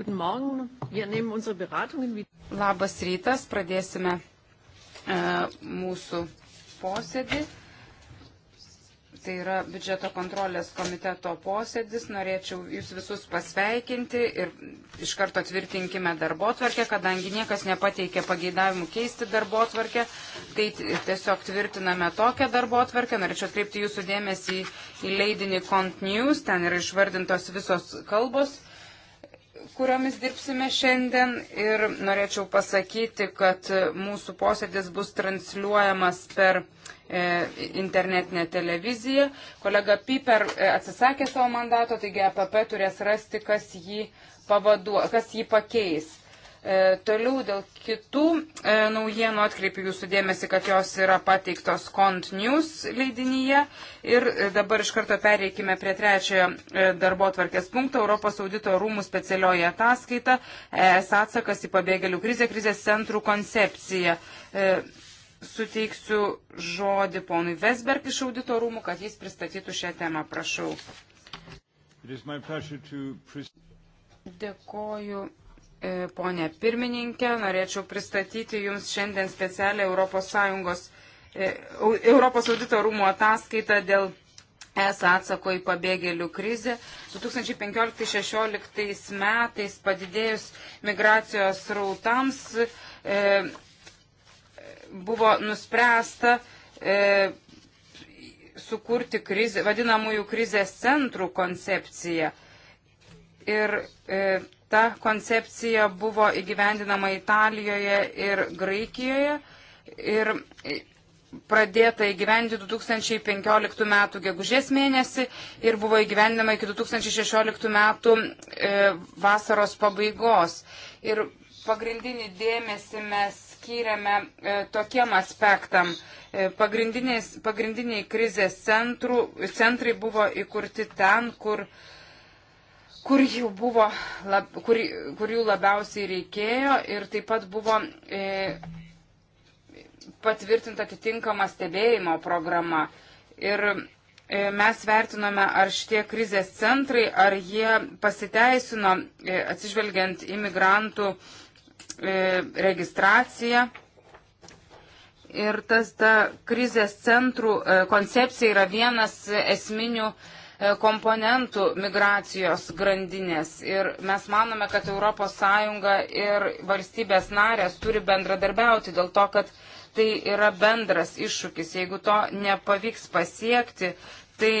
Guten Morgen. Wir nehmen unsere Beratungen wieder. Labas rytas, pradėsime e, mūsų posėdį. Tai yra biudžeto kontrolės komiteto posėdis. Norėčiau jūs visus pasveikinti ir iš karto tvirtinkime darbo tvarkę, kadangi niekas nepateikė pageidavimų keisti darbo tvarkę, tai tiesiog tvirtiname tokią darbo tvarkę. Norėčiau atkreipti jūsų dėmesį į leidinį Cont News, ten yra išvardintos visos kalbos kuriomis dirbsime šiandien. Ir norėčiau pasakyti, kad mūsų posėdis bus transliuojamas per e, internetinę televiziją. Kolega Piper e, atsisakė savo mandato, taigi APP e turės rasti, kas jį, pavaduo, kas jį pakeis. E, toliau dėl kitų e, naujienų atkreipiu jūsų dėmesį, kad jos yra pateiktos Cont News leidinyje. Ir dabar iš karto pereikime prie trečiojo e, darbo tvarkės punkto. Europos audito rūmų specialioji ataskaita. ES atsakas į pabėgėlių krizę, krizės centrų koncepcija. E, suteiksiu žodį ponui Vesberg iš audito rūmų, kad jis pristatytų šią temą. Prašau. To... Dėkoju E, Pone pirmininkė, norėčiau pristatyti Jums šiandien specialią Europos, Sąjungos, e, Europos audito rūmų ataskaitą dėl ES atsako į pabėgėlių krizę. 2015-2016 metais padidėjus migracijos rautams e, buvo nuspręsta e, sukurti krizę, vadinamųjų krizės centrų koncepciją. Ir e, Ta koncepcija buvo įgyvendinama Italijoje ir Graikijoje ir pradėta įgyvendinti 2015 m. gegužės mėnesį ir buvo įgyvendinama iki 2016 m. E, vasaros pabaigos. Ir pagrindinį dėmesį mes skiriame e, tokiem aspektam. E, pagrindiniai krizės centrų, centrai buvo įkurti ten, kur e, kur jų, buvo, lab, kur, kur jų labiausiai reikėjo ir taip pat buvo e, patvirtinta atitinkama stebėjimo programa. Ir e, mes vertinome, ar šitie krizės centrai, ar jie pasiteisino e, atsižvelgiant imigrantų e, registraciją. Ir tas ta krizės centrų e, koncepcija yra vienas esminių e, komponentų migracijos grandinės. Ir mes manome, kad ES ir valstybės narės turi bendradarbiauti dėl to, kad tai yra bendras iššūkis. Jeigu to nepavyks pasiekti, tai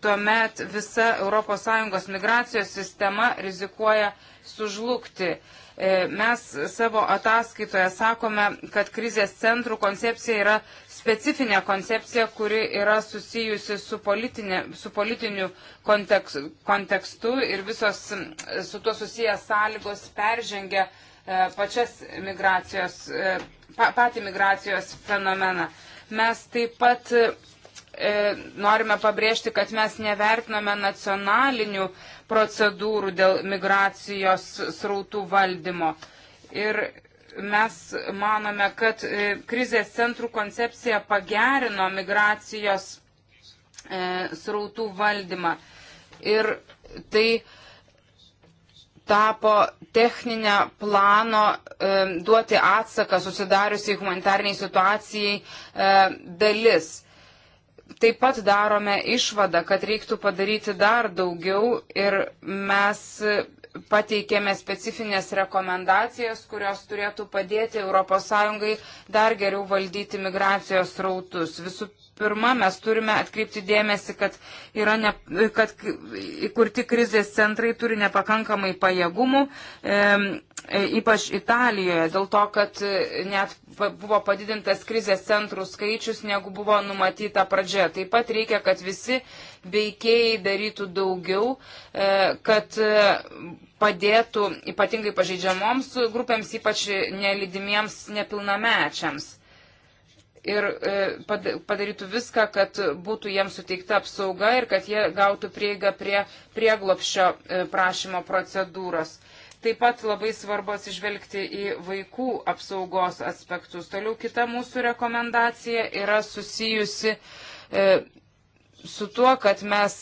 tuomet visa ES migracijos sistema rizikuoja sužlugti. E, mes savo ataskaitoje sakome, kad krizės centrų koncepcija yra specifinė koncepcija, kuri yra susijusi su, politinė, su politiniu kontekst, kontekstu ir visos e, su tuo susijęs sąlygos peržengia e, pačias migracijos, patį migracijos fenomeną. Mes taip pat norime pabrėžti, kad mes nevertiname nacionalinių uh, procedūrų dėl migracijos srautų valdymo. Ir mes manome, kad e, krizės centrų koncepcija pagerino migracijos e, srautų valdymą. Ir tai tapo techninę plano e, duoti atsaką susidariusiai humanitarniai situacijai e, dalis taip pat darome išvadą, kad reiktų padaryti dar daugiau ir mes pateikėme specifines rekomendacijas, kurios turėtų padėti ES dar geriau valdyti migracijos rautus. Visų Pirma, mes turime atkreipti dėmesį, kad, ne, kad įkurti krizės centrai turi nepakankamai pajėgumų, e, ypač Italijoje, dėl to, kad e, net buvo padidintas krizės centrų skaičius, negu buvo numatyta pradžia. Taip pat reikia, kad visi veikėjai darytų daugiau, e, kad e, padėtų ypatingai pažeidžiamoms grupėms, ypač nelidimiems nepilnamečiams ir e, padarytų viską, kad būtų jiems suteikta apsauga ir kad jie gautų prieigą prie prieglopščio e, prašymo procedūros. Taip pat labai svarbu atsižvelgti į vaikų apsaugos aspektus. Toliau kita mūsų rekomendacija yra susijusi e, su tuo, kad mes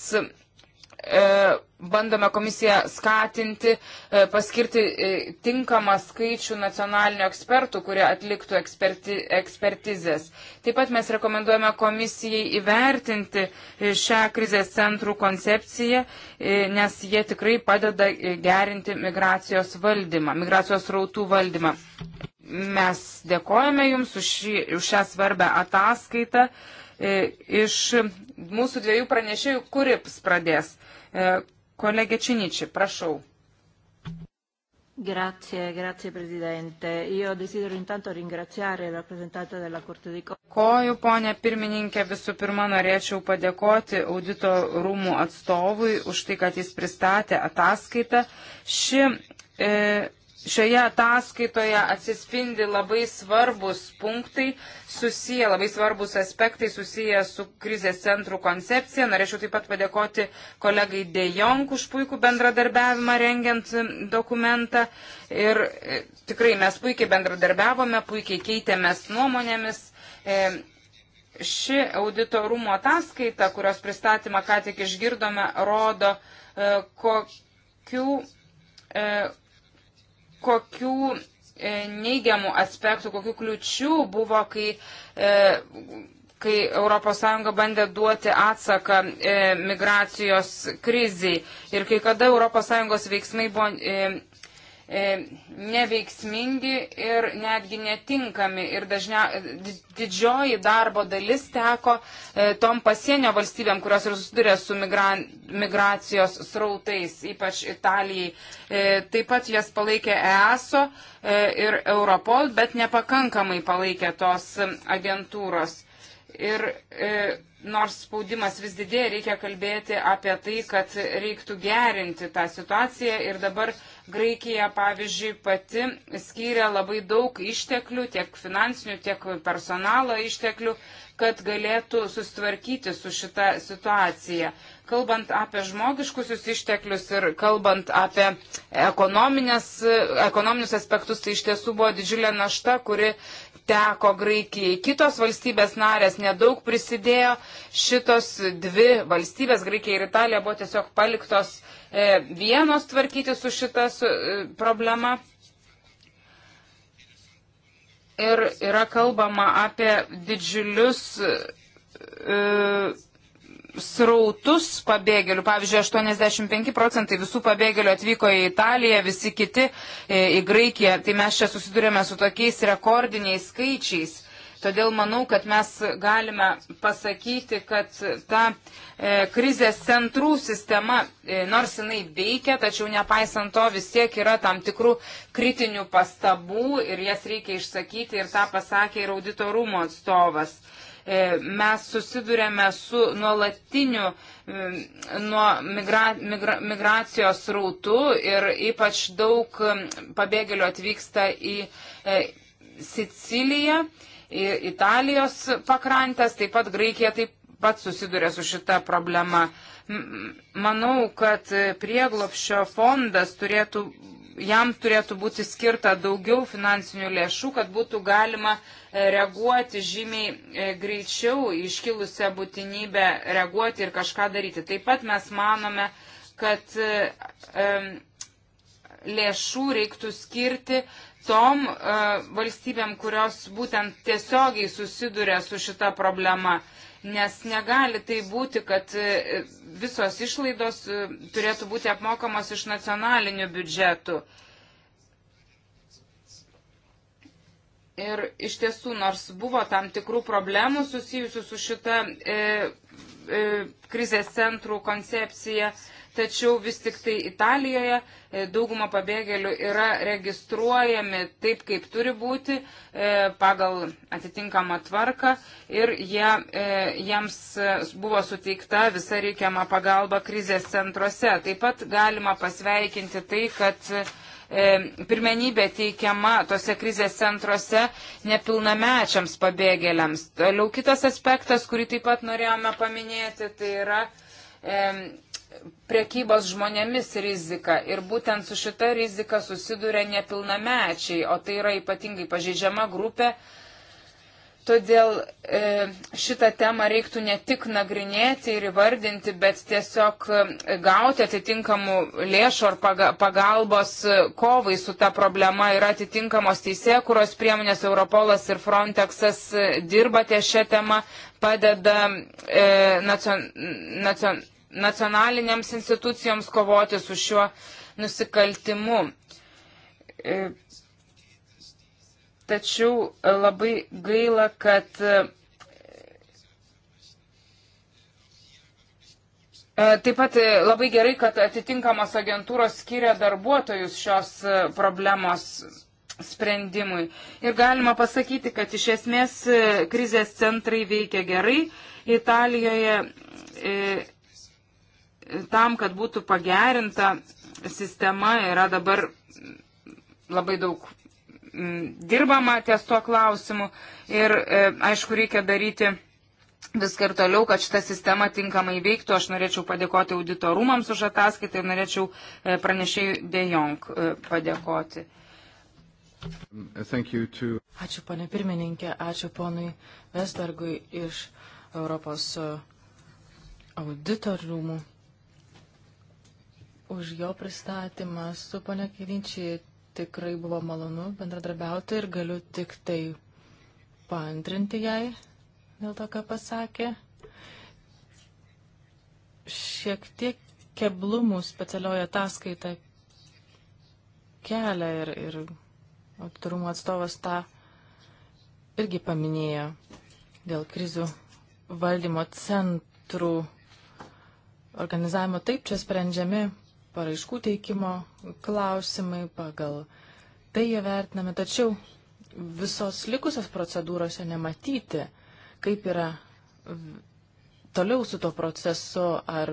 E, bandome komisiją skatinti, e, paskirti e, tinkamą skaičių nacionalinių ekspertų, kurie atliktų eksperti, ekspertizės. Taip pat mes rekomenduojame komisijai įvertinti šią krizės centrų koncepciją, nes jie tikrai padeda gerinti migracijos valdymą, migracijos rautų valdymą. Mes dėkojame Jums už, šį, už šią svarbę ataskaitą. Iš mūsų dviejų pranešėjų, kurips pradės. E, kolegė Činičiai, prašau. Grazie, grazie Presidente. Io desidero intanto ringraziare il rappresentante della Corte dei Conti. Koju, ponė pirmininkė, visų pirma norėčiau padėkoti audito rūmų atstovui už tai, kad jis pristatė ataskaitą. Ši e, Šioje ataskaitoje atsispindi labai svarbus punktai, susiję, labai svarbus aspektai susiję su krizės centrų koncepcija. Norėčiau taip pat padėkoti kolegai Dejonk už puikų bendradarbiavimą rengiant dokumentą. Ir e, tikrai mes puikiai bendradarbiavome, puikiai keitėmės nuomonėmis. E, ši audito rūmų ataskaita, kurios pristatymą ką tik išgirdome, rodo, e, kokių. E, kokių e, neigiamų aspektų, kokių kliučių buvo, kai, e, kai ES bandė duoti atsaką e, migracijos kriziai. Ir kai kada ES veiksmai buvo E, neveiksmingi ir netgi netinkami. Ir dažnia, didžioji darbo dalis teko e, tom pasienio valstybėm, kurios ir susiduria su migran, migracijos srautais, ypač Italijai. E, taip pat jas palaikė EASO ir Europol, bet nepakankamai palaikė tos agentūros. Ir, e, nors spaudimas vis didėja, reikia kalbėti apie tai, kad reiktų gerinti tą situaciją. Ir dabar Graikija, pavyzdžiui, pati skyrė labai daug išteklių, tiek finansinių, tiek personalo išteklių, kad galėtų sustvarkyti su šita situacija. Kalbant apie žmogiškusius išteklius ir kalbant apie ekonominius aspektus, tai iš tiesų buvo didžiulė našta, kuri teko Graikijai. Kitos valstybės narės nedaug prisidėjo. Šitos dvi valstybės, Graikija ir Italija, buvo tiesiog paliktos e, vienos tvarkyti su šita su, e, problema. Ir yra kalbama apie didžiulius. E, srautus pabėgėlių. Pavyzdžiui, 85 procentai visų pabėgėlių atvyko į Italiją, visi kiti e, į Graikiją. Tai mes čia susidurėme su tokiais rekordiniais skaičiais. Todėl manau, kad mes galime pasakyti, kad ta e, krizės centrų sistema, e, nors jinai veikia, tačiau nepaisant to vis tiek yra tam tikrų kritinių pastabų ir jas reikia išsakyti ir tą pasakė ir auditorumo atstovas. E, E, mes susidurėme su nuolatiniu nuo migra, migra, migracijos rautu ir ypač daug pabėgėlių atvyksta į e, Siciliją, į Italijos pakrantės, taip pat Graikija taip pat susiduria su šita problema. Manau, kad prieglopščio fondas turėtų jam turėtų būti skirta daugiau finansinių lėšų, kad būtų galima e, reaguoti žymiai e, greičiau iškilusią būtinybę reaguoti ir kažką daryti. Taip pat mes manome, kad e, lėšų reiktų skirti tom valstybėm, kurios būtent tiesiogiai susiduria su šita problema nes negali tai būti, kad e, visos išlaidos e, turėtų būti apmokamos iš nacionalinių biudžetų. Ir iš tiesų, nors buvo tam tikrų problemų susijusių su šita e, e, krizės centrų koncepcija, e, tačiau vis tik tai Italijoje e, dauguma pabėgėlių yra registruojami taip, kaip turi būti, e, pagal atitinkamą tvarką ir jie, e, jiems buvo suteikta visa reikiama pagalba krizės centruose. Taip pat galima pasveikinti tai, kad pirmenybė teikiama tose krizės centruose nepilnamečiams pabėgėliams. Toliau kitas aspektas, kurį taip pat norėjome paminėti, tai yra e, prekybos žmonėmis rizika ir būtent su šita rizika susiduria nepilnamečiai, o tai yra ypatingai pažeidžiama grupė. Todėl e, šitą temą reiktų ne tik nagrinėti ir įvardinti, bet tiesiog e, gauti atitinkamų lėšų ar pagalbos e, kovai su ta problema. Yra atitinkamos teisė, kurios priemonės Europolas ir Frontexas e, dirba ties šią temą, padeda e, nacion, nacion, nacionalinėms institucijoms kovoti su šiuo nusikaltimu. E, tačiau e, labai gaila, kad e, Taip pat labai gerai, kad atitinkamos agentūros skiria darbuotojus šios problemos sprendimui. Ir galima pasakyti, kad iš esmės krizės centrai veikia gerai. Italijoje tam, kad būtų pagerinta sistema, yra dabar labai daug mm, dirbama ties tuo klausimu ir, e, aišku, reikia daryti viską ir toliau, kad šita sistema tinkamai veiktų. Aš norėčiau padėkoti auditorumams už ataskaitą ir norėčiau e, pranešėjų Dejong e, padėkoti. To... Ačiū, ponė pirmininkė, ačiū ponui Vesbergui iš Europos auditorumų už jo pristatymą. Su ponia Kirinčiai tikrai buvo malonu bendradarbiauti ir galiu tik tai paantrinti jai dėl to, ką pasakė. Šiek tiek keblumų specialioje ataskaita kelia ir, ir auditorumo atstovas tą irgi paminėjo dėl krizių valdymo centrų organizavimo. Taip, čia sprendžiami paraiškų teikimo klausimai, pagal tai jie vertinami, tačiau visos likusios procedūrose nematyti, kaip yra toliau su tuo procesu, ar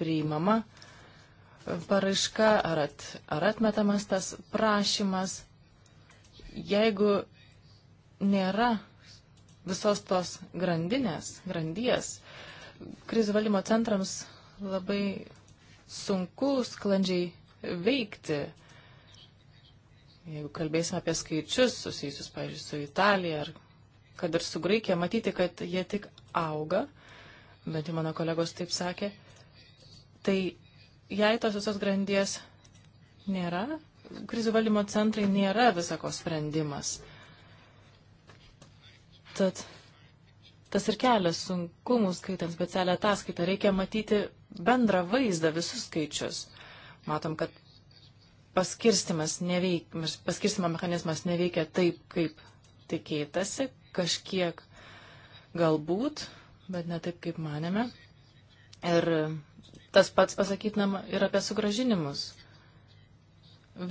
priimama paraiška, ar, at, ar atmetamas tas prašymas. Jeigu nėra visos tos grandinės, grandies, krizių valdymo centrams labai sunku sklandžiai veikti. Jeigu kalbėsime apie skaičius susijusius, pavyzdžiui, su Italija ar kad ir su Graikija, matyti, kad jie tik auga, bent jau mano kolegos taip sakė, tai jei tos visos grandies nėra, krizių valdymo centrai nėra visako sprendimas. Tad tas ir kelias sunkumų skaitant specialią ataskaitą. Reikia matyti bendrą vaizdą, visus skaičius. Matom, kad paskirstimas neveik, paskirstimo mechanizmas neveikia taip, kaip tikėtasi, kažkiek galbūt, bet ne taip, kaip manėme. Ir tas pats pasakytinama ir apie sugražinimus.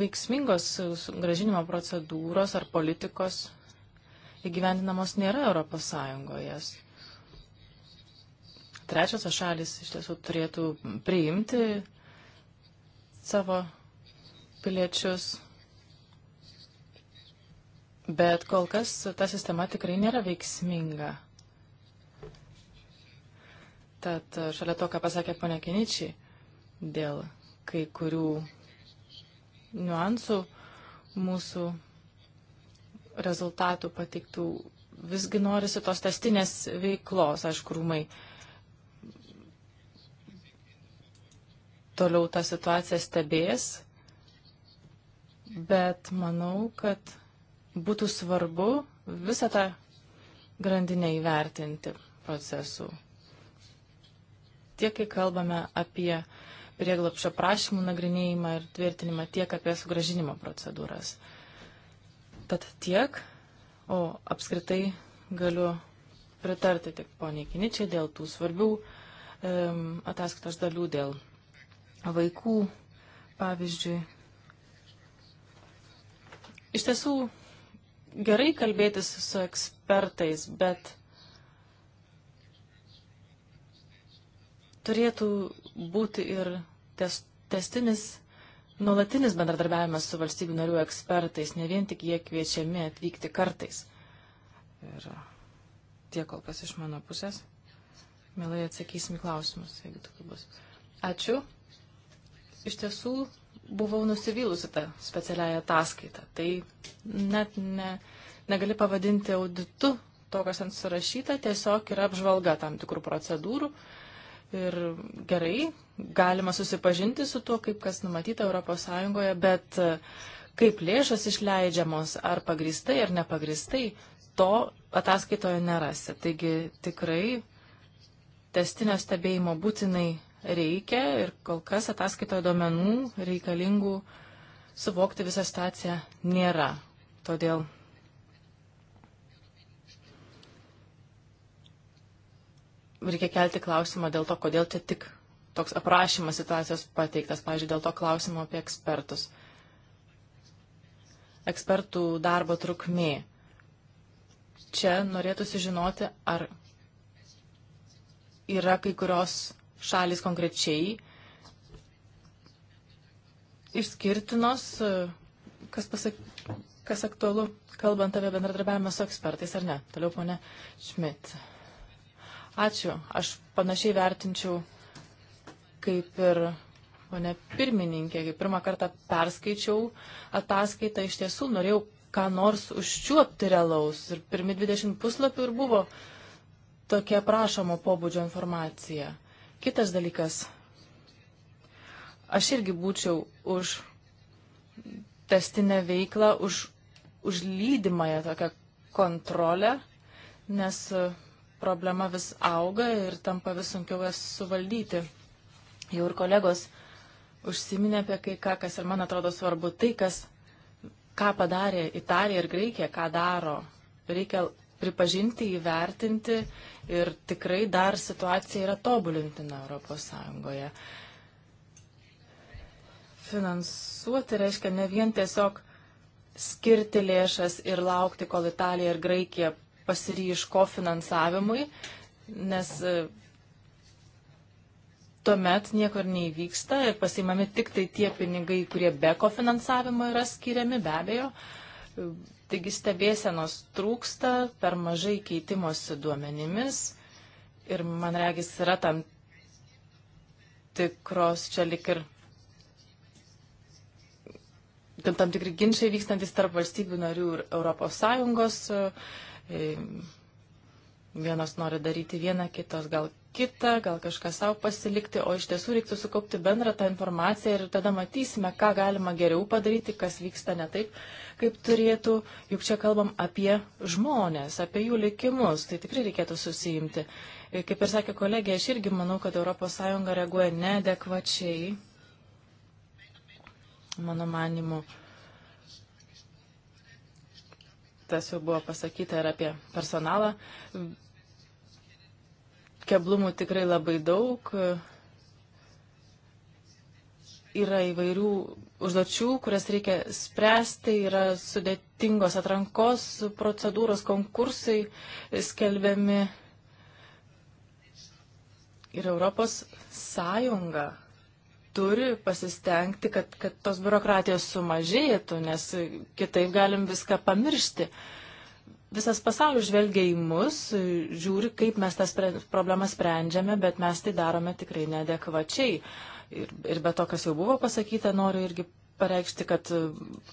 Veiksmingos sugražinimo procedūros ar politikos įgyvendinamos nėra Europos Sąjungoje trečiosios šalis iš tiesų turėtų priimti savo piliečius. Bet kol kas ta sistema tikrai nėra veiksminga. Tad šalia to, ką pasakė ponia Kiničiai, dėl kai kurių niuansų mūsų rezultatų patiktų, visgi norisi tos testinės veiklos, aišku, rūmai toliau tą situaciją stebės, bet manau, kad būtų svarbu visą tą grandinę įvertinti procesų. Tiek, kai kalbame apie prieglapšio prašymų nagrinėjimą ir tvirtinimą, tiek apie sugražinimo procedūras. Tad tiek, o apskritai galiu pritarti tik poniai Kiničiai dėl tų svarbių um, ataskaitos dalių, dėl vaikų, pavyzdžiui. Iš tiesų, gerai kalbėtis su ekspertais, bet turėtų būti ir tes, testinis, nuolatinis bendradarbiavimas su valstybių narių ekspertais, ne vien tik jie kviečiami atvykti kartais. Ir tiek kol kas iš mano pusės. Mielai atsakysim į klausimus, jeigu tokių bus. Ačiū iš tiesų buvau nusivylusi tą specialiąją ataskaitą. Tai net ne, negali pavadinti auditu to, kas ant surašyta, tiesiog yra apžvalga tam tikrų procedūrų. Ir gerai, galima susipažinti su tuo, kaip kas numatyta ES, bet e, kaip lėšas išleidžiamos, ar pagristai, ar nepagristai, to ataskaitoje nerasi. Taigi tikrai testinio stebėjimo būtinai reikia ir kol kas ataskaitoje duomenų reikalingų suvokti visą staciją nėra. Todėl reikia kelti klausimą dėl to, kodėl čia tik toks aprašymas situacijos pateiktas, pažiūrėjau, dėl to klausimo apie ekspertus. Ekspertų darbo trukmė. Čia norėtųsi žinoti, ar yra kai kurios šalis konkrečiai išskirtinos, kas, pasak, kas aktualu, kalbant apie bendradarbiavimą su ekspertais ar ne. Toliau, ponė Šmit. Ačiū. Aš panašiai vertinčiau kaip ir ponė pirmininkė, kai pirmą kartą perskaičiau ataskaitą, iš tiesų norėjau ką nors užčiuopti realaus. Ir pirmi 20 puslapių ir buvo tokia prašomo pobūdžio informacija. Kitas dalykas. Aš irgi būčiau už testinę veiklą, už, už lydimąją tokią kontrolę, nes e, problema vis auga ir tampa vis sunkiau jas suvaldyti. Jau ir kolegos užsiminė apie kai ką, kas ir man atrodo svarbu, tai, kas, ką padarė Italija ir Graikija, ką daro. Reikia pripažinti, įvertinti ir tikrai dar situacija yra tobulintina Europos Sąjungoje. Finansuoti reiškia ne vien tiesiog skirti lėšas ir laukti, kol Italija ir Graikija pasiryš kofinansavimui, nes e, tuomet niekur neįvyksta ir pasimami tik tai tie pinigai, kurie be kofinansavimo yra skiriami, be abejo. Taigi stebėsenos trūksta, per mažai keitimosi duomenimis ir man regis yra tam tikros čia lik ir tam, tam tikri ginčiai vykstantis tarp valstybių narių ir Europos Sąjungos. Vienos nori daryti vieną, kitos gal kitą, gal kažką savo pasilikti, o iš tiesų reiktų sukaupti bendrą tą informaciją ir tada matysime, ką galima geriau padaryti, kas vyksta ne taip, kaip turėtų, juk čia kalbam apie žmonės, apie jų likimus, tai tikrai reikėtų susijimti. Kaip ir sakė kolegė, aš irgi manau, kad ES reaguoja neadekvačiai, mano manimu. Tas jau buvo pasakyta ir apie personalą. Keblumų tikrai labai daug, yra įvairių užduočių, kurias reikia spręsti, yra sudėtingos atrankos procedūros, konkursai skelbiami. Ir Europos Sąjunga turi pasistengti, kad, kad tos biurokratijos sumažėtų, nes kitaip galim viską pamiršti. Visas pasaulis žvelgia į mus, žiūri, kaip mes tas problemas sprendžiame, bet mes tai darome tikrai neadekvačiai. Uh, Ir, ir be to, kas jau buvo pasakyta, noriu irgi pareikšti, kad e,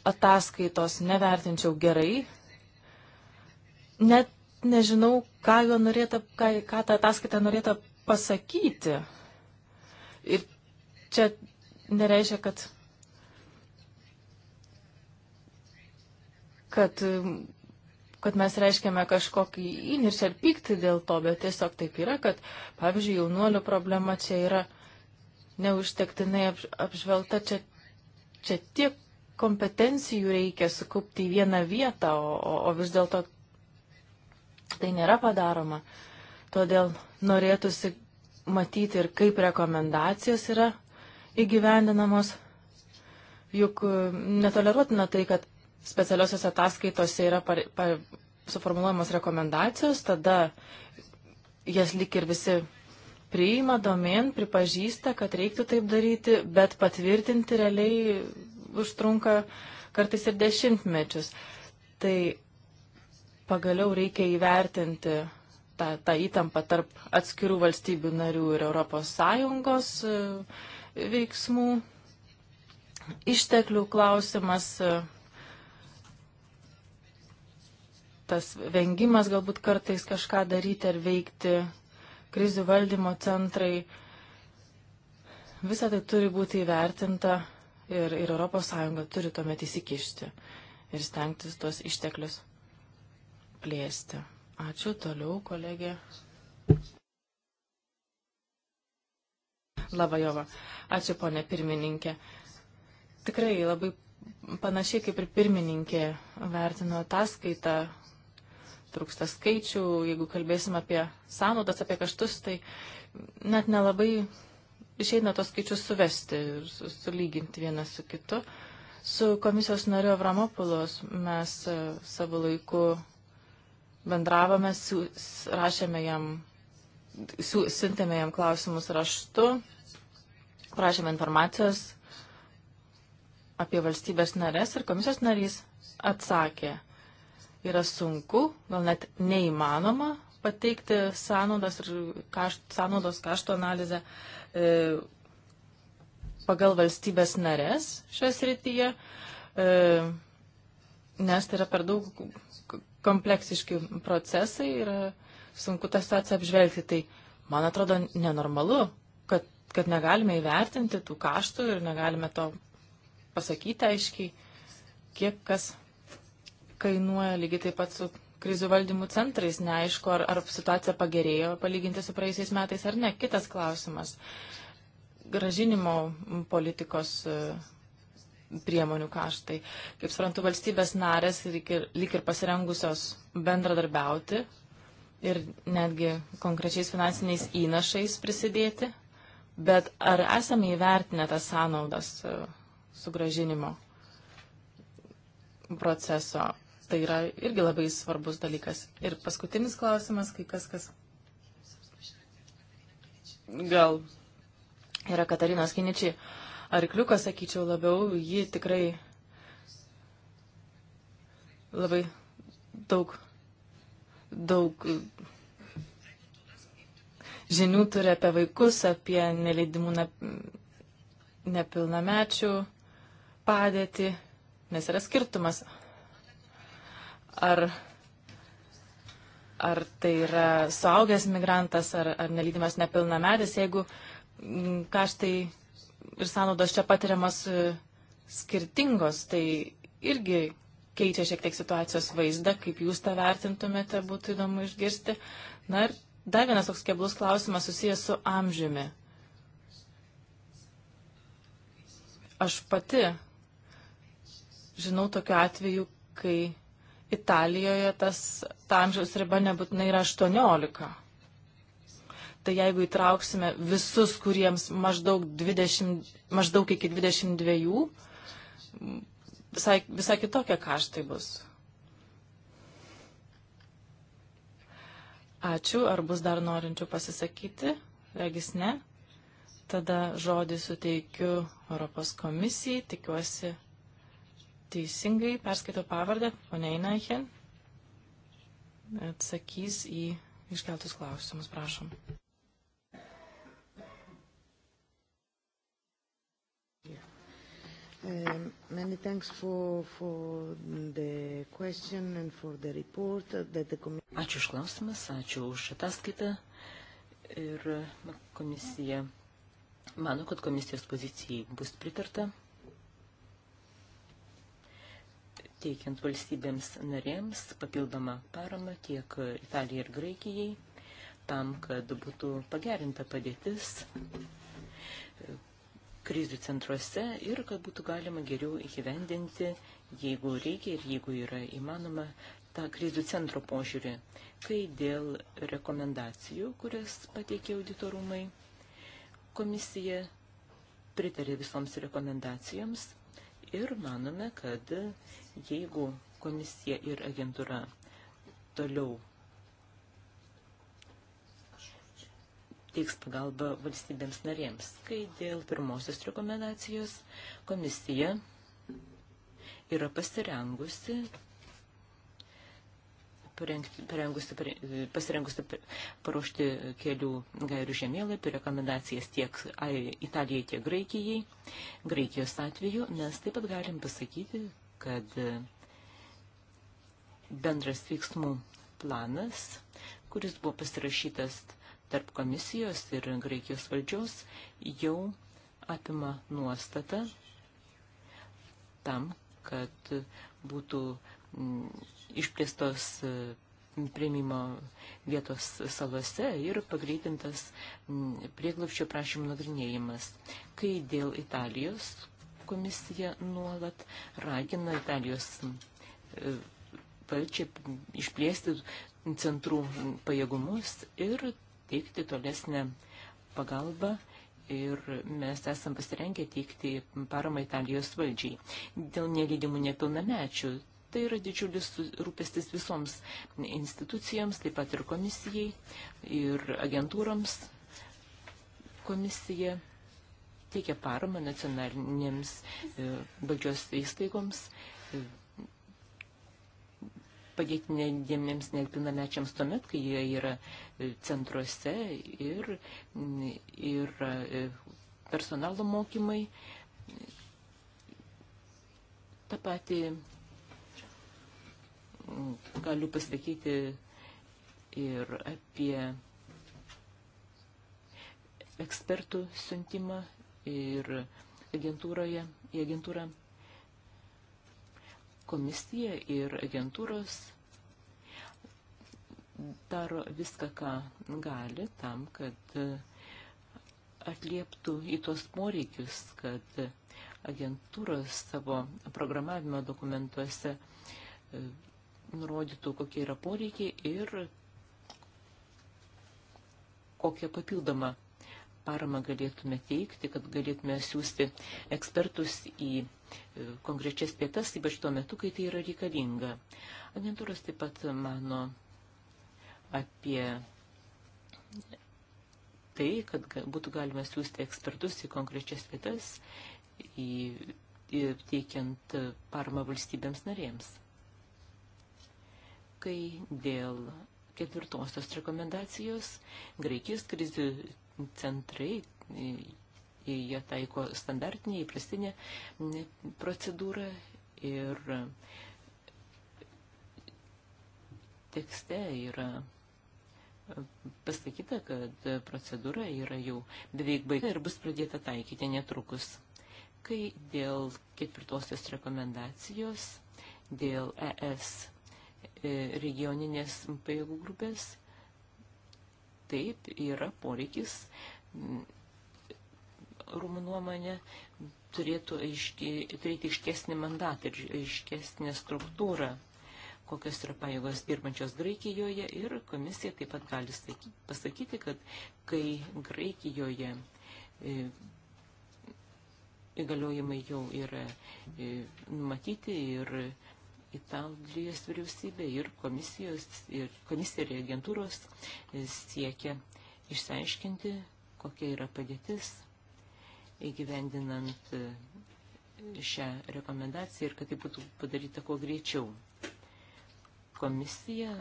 ataskaitos nevertinčiau gerai. Net nežinau, ką, norėta, ką, ką ta ataskaita norėta pasakyti. Ir čia nereiškia, kad, kad, kad mes reiškiame kažkokį įniršį ar pyktį dėl to, bet tiesiog taip yra, kad, pavyzdžiui, jaunuolių problema čia yra neužtektinai apžvelgta. Čia, čia tiek kompetencijų reikia sukaupti į vieną vietą, o, o vis dėlto tai nėra padaroma. Todėl norėtųsi matyti ir kaip rekomendacijos yra įgyvendinamos. Juk netoleruotina tai, kad specialiosios ataskaitose yra par, par, suformuluojamos rekomendacijos, tada jas lik ir visi priima domen, pripažįsta, kad reiktų taip daryti, bet patvirtinti realiai užtrunka kartais ir dešimtmečius. Tai pagaliau reikia įvertinti tą, tą įtampą tarp atskirų valstybių narių ir ES e, veiksmų. Išteklių klausimas, e, tas vengimas galbūt kartais kažką daryti ar veikti krizių valdymo centrai. Visą tai turi būti įvertinta ir, ir ES turi tuomet įsikišti ir stengtis tuos išteklius plėsti. Ačiū toliau, kolegė. Labajova. Ačiū, ponė pirmininkė. Tikrai labai panašiai kaip ir pirmininkė vertino ataskaitą, trūksta skaičių, jeigu kalbėsim apie sąnaudas, apie kaštus, tai net nelabai išeina tos skaičius suvesti ir sulyginti vienas su kitu. Su komisijos nariu Avramopulos mes e, savo laiku bendravome, rašėme jam, siuntėme jam klausimus raštu, prašėme informacijos apie valstybės narės ir komisijos narys atsakė yra sunku, gal net neįmanoma pateikti sąnaudos ir kašt, sąnaudos kaštų analizę e, pagal valstybės narės šioje srityje, e, nes tai yra per daug kompleksiški procesai ir sunku tą situaciją apžvelgti. Tai man atrodo nenormalu, kad, kad negalime įvertinti tų kaštų ir negalime to pasakyti aiškiai, kiek kas kainuoja lygiai taip pat su krizių valdymų centrais. Neaišku, ar, ar situacija pagerėjo palyginti su praeisiais metais ar ne. Kitas klausimas. Gražinimo politikos e, priemonių kaštai. Kaip suprantu, valstybės narės lyg ir, lyg ir pasirengusios bendradarbiauti ir netgi konkrečiais finansiniais įnašais prisidėti. Bet ar esame įvertinę tas sąnaudas e, sugražinimo proceso? tai yra irgi labai svarbus dalykas. Ir paskutinis klausimas, kai kas, kas gal yra Katarinos Kiničiai arkliukas, sakyčiau, labiau, ji tikrai labai daug, daug žinių turi apie vaikus, apie neleidimų nepilnamečių padėtį, nes yra skirtumas ar, ar tai yra suaugęs migrantas, ar, ar nelydimas nepilnametis, jeigu mm, kaštai ir sąnaudos čia patiriamas e, skirtingos, tai irgi keičia šiek tiek situacijos vaizdą, kaip jūs tą vertintumėte, būtų įdomu išgirsti. Na ir dar vienas toks keblus klausimas susijęs su amžiumi. Aš pati žinau tokiu atveju, kai Italijoje tas ta amžiaus riba nebūtinai yra 18. Tai jeigu įtrauksime visus, kuriems maždaug, 20, maždaug iki 22, visai, visai kitokie kaštai bus. Ačiū. Ar bus dar norinčių pasisakyti? Regis ne. Tada žodį suteikiu Europos komisijai. Tikiuosi, teisingai perskaito pavardę, ponia Einaichen, atsakys į iškeltus klausimus, prašom. Um, many thanks for, for the question and for the report that the Ačiū už klausimas, ačiū už ataskaitą ir uh, komisija mano, kad komisijos pozicijai bus pritarta. teikiant valstybėms narėms papildomą paramą tiek Italijai ir Graikijai, tam, kad būtų pagerinta padėtis e, krizių centruose ir kad būtų galima geriau įgyvendinti, jeigu reikia ir jeigu yra įmanoma, tą krizių centro požiūrį, kai dėl rekomendacijų, kurias pateikė auditorumai, komisija pritarė visoms rekomendacijoms ir manome, kad jeigu komisija ir agentūra toliau teiks pagalbą valstybėms narėms, kai dėl pirmosios rekomendacijos komisija yra pasirengusi parengusi, pasirengusi paruošti kelių gairių žemėlapį, rekomendacijas tiek Italijai, tiek Graikijai. Graikijos atveju mes taip pat galim pasakyti, kad bendras veiksmų planas, kuris buvo pasirašytas tarp komisijos ir Graikijos valdžios, jau apima nuostatą tam, kad būtų išplėstos prieimimo vietos salose ir pagreitintas prieglapščio prašymų nagrinėjimas. Kai dėl Italijos, komisija nuolat ragina Italijos valdžią e, išplėsti centrų pajėgumus ir teikti tolesnę pagalbą ir mes esam pasirengę teikti paramą Italijos valdžiai. Dėl nelydimų nepilnamečių tai yra didžiulis rūpestis visoms institucijoms, taip pat ir komisijai ir agentūroms. Komisija teikia paramą nacionalinėms e, valdžios įstaigoms, e, padėti nedėmėms nepilnamečiams tuomet, kai jie yra e, centruose ir, ir personalo mokymai. Ta pati galiu pasakyti ir apie ekspertų siuntimą ir agentūroje, į agentūrą. Komisija ir agentūros daro viską, ką gali tam, kad atlieptų į tuos poreikius, kad agentūros savo programavimo dokumentuose e, nurodytų, kokie yra poreikiai ir kokią papildomą paramą galėtume teikti, kad galėtume siūsti ekspertus į e, konkrečias pietas, ypač tuo metu, kai tai yra reikalinga. Agentūros taip pat mano apie tai, kad būtų galima siūsti ekspertus į konkrečias vietas, į, į, teikiant paramą valstybėms narėms. Kai dėl ketvirtosios rekomendacijos Graikijos krizių centrai, jie taiko standartinį, įprastinę procedūrą ir tekste yra pasakyta, kad procedūra yra jau beveik baigta ir bus pradėta taikyti netrukus. Kai dėl ketvirtosios rekomendacijos, dėl ES e, regioninės pajėgų grupės taip yra poreikis, rūmų nuomonė, turėtų aiški, turėti iškesnį mandatą ir iškesnę struktūrą kokios yra pajėgos dirbančios Graikijoje ir komisija taip pat gali sakyti, pasakyti, kad kai Graikijoje e, įgaliojimai jau yra e, numatyti ir Italijos vyriausybė ir komisijos, ir komisija ir agentūros e, siekia išsiaiškinti, kokia yra padėtis įgyvendinant e, šią rekomendaciją ir kad tai būtų padaryta kuo greičiau. Komisija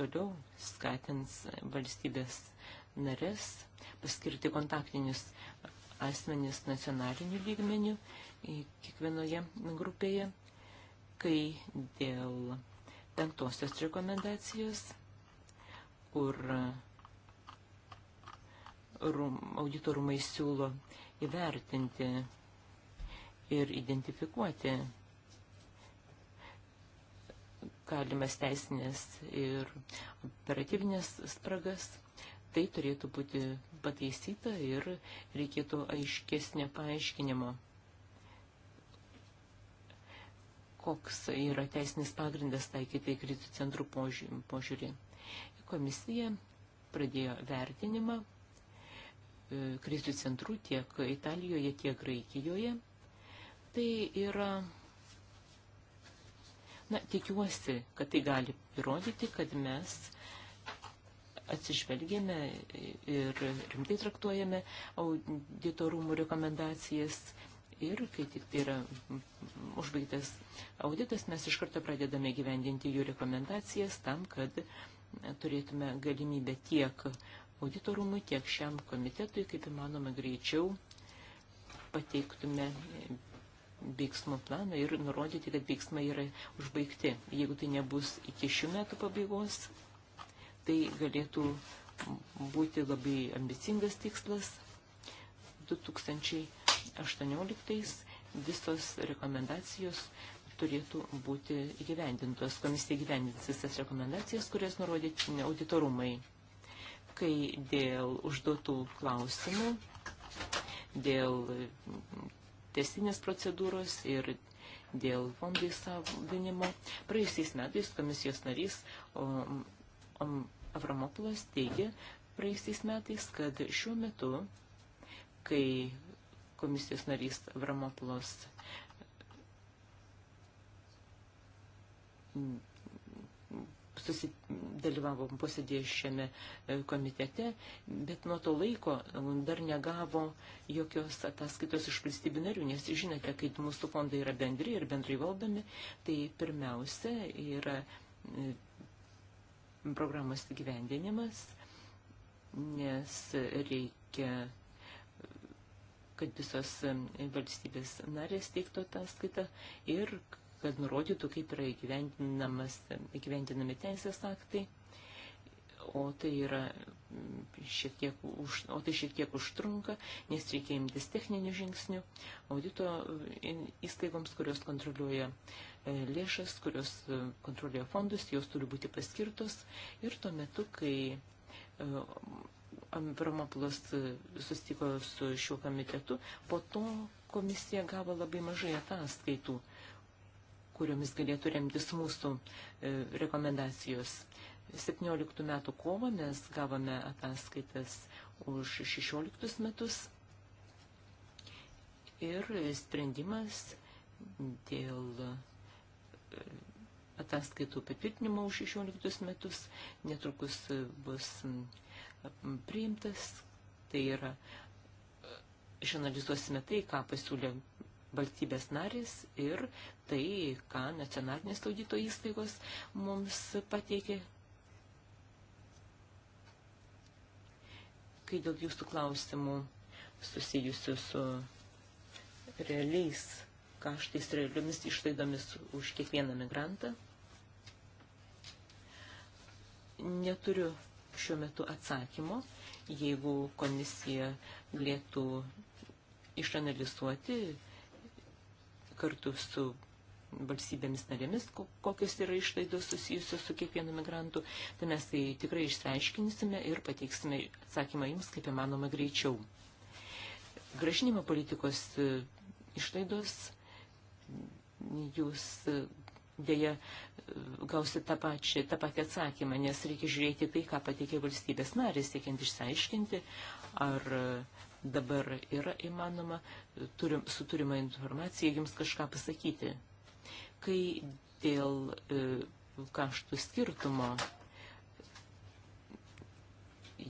toliau skatins valstybės narės paskirti kontaktinius asmenys nacionaliniu lygmeniu kiekvienoje grupėje kai dėl penktosios rekomendacijos, kur auditorumai siūlo įvertinti ir identifikuoti galimas teisinės ir operatyvinės spragas, tai turėtų būti pataisyta ir reikėtų aiškesnio paaiškinimo koks yra teisinis pagrindas taikyti krizių centrų požiūrį. Komisija pradėjo vertinimą e, krizių centrų tiek Italijoje, tiek Graikijoje. Tai yra, na, tikiuosi, kad tai gali įrodyti, kad mes atsižvelgėme ir rimtai traktuojame auditorumų rekomendacijas ir kai tik tai yra užbaigtas auditas, mes iš karto pradedame gyvendinti jų rekomendacijas tam, kad turėtume galimybę tiek auditorumui, tiek šiam komitetui, kaip įmanoma greičiau, pateiktume veiksmų planą ir nurodyti, kad veiksmai yra užbaigti. Jeigu tai nebus iki šių metų pabaigos, tai galėtų būti labai ambicingas tikslas 2000. 2018 visos rekomendacijos turėtų būti įgyvendintos. Komisija įgyvendins visas rekomendacijas, kurias nurodė auditorumai. Kai dėl užduotų klausimų, dėl testinės procedūros ir dėl fondų įsavinimo, praėjusiais metais komisijos narys um, um, Avramopulas teigia praėjusiais metais, kad šiuo metu, kai komisijos narys Vramopulos susidalyvavom posėdėje šiame e, komitete, bet nuo to laiko e, dar negavo jokios ataskaitos iš valstybių narių, nes žinote, kai mūsų fondai yra bendri ir bendrai valdomi, tai pirmiausia yra e, programos gyvendinimas, nes reikia kad visos valstybės narės teiktų ataskaitą ir kad nurodytų, kaip yra įgyvendinami teisės aktai. O tai yra šiek tiek, už, o tai šiek tiek užtrunka, nes reikia imtis techninių žingsnių audito e, įstaigoms, kurios kontroliuoja e, lėšas, kurios e, kontroliuoja fondus, jos turi būti paskirtos ir tuo metu, kai Romopulus sustiko su šiuo komitetu, po to komisija gavo labai mažai ataskaitų, kuriomis galėtų remtis mūsų e, rekomendacijos. 17 metų kovo mes gavome ataskaitas už 16 metus ir sprendimas dėl e, ataskaitų patvirtinimo už 16 metus netrukus bus priimtas, tai yra išanalizuosime tai, ką pasiūlė valstybės narės ir tai, ką nacionalinės audito įstaigos mums pateikė. Kai dėl jūsų klausimų susijusių su realiais kaštais, realiomis išlaidomis už kiekvieną migrantą, neturiu šiuo metu atsakymo. Jeigu komisija galėtų išanalizuoti kartu su valstybėmis narėmis, kokios yra išlaidos susijusios su kiekvienu migrantu, tai mes tai tikrai išsiaiškinsime ir pateiksime atsakymą jums kaip įmanoma greičiau. Gražinimo politikos išlaidos jūs dėja gausi tą, pačią, tą patį atsakymą, nes reikia žiūrėti tai, ką pateikė valstybės narės, siekiant išsiaiškinti, ar dabar yra įmanoma turim, su turima informacija jums kažką pasakyti. Kai dėl e, kaštų skirtumo,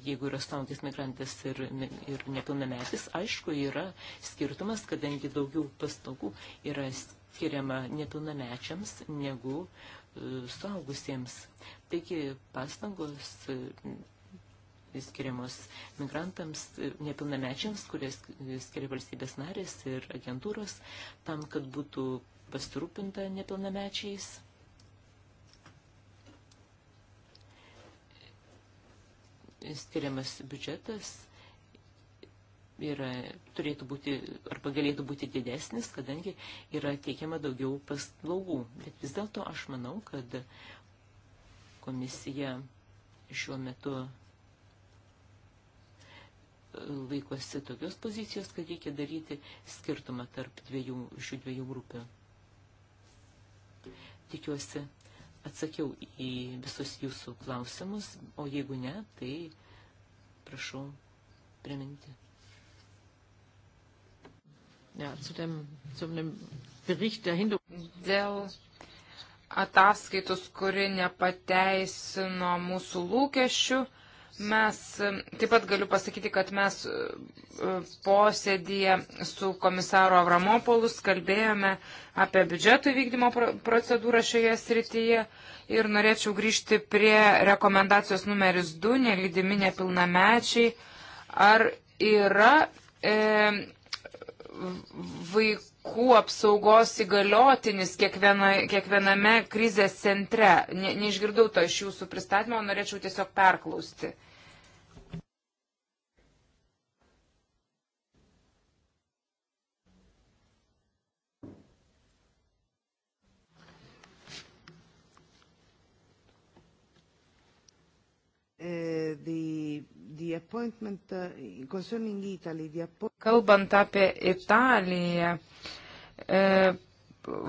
jeigu yra stautis migrantas ir, ir nepilnametis, aišku, yra skirtumas, kadangi daugiau paslaugų yra skirtumas skiriama nepilnamečiams negu e, suaugusiems. Taigi pastangos e, skiriamos migrantams, e, nepilnamečiams, kurias skiria valstybės narės ir agentūros, tam, kad būtų pasirūpinta nepilnamečiais. Skiriamas biudžetas yra, turėtų būti arba galėtų būti didesnis, kadangi yra teikiama daugiau paslaugų. Bet vis dėlto aš manau, kad komisija šiuo metu e, laikosi tokios pozicijos, kad reikia daryti skirtumą tarp dviejų, šių dviejų grupių. Tikiuosi, atsakiau į visus jūsų klausimus, o jeigu ne, tai prašau priminti. Ja, zu dem, zu dem Bericht der Hindu. Dėl ataskaitos, kuri nepateisino mūsų lūkesčių, mes taip pat galiu pasakyti, kad mes e, posėdėje su komisaru Avramopolus kalbėjome apie biudžeto įvykdymo procedūrą šioje srityje ir norėčiau grįžti prie rekomendacijos numeris 2, nelydimi nepilnamečiai. Ar yra e, vaikų apsaugos įgaliotinis kiekviena, kiekviename krizės centre. Ne, neišgirdau to iš jūsų pristatymo, norėčiau tiesiog perklausti. Uh, the, the appointment uh, concerning Italy, the appointment Kalbant apie Italiją, e,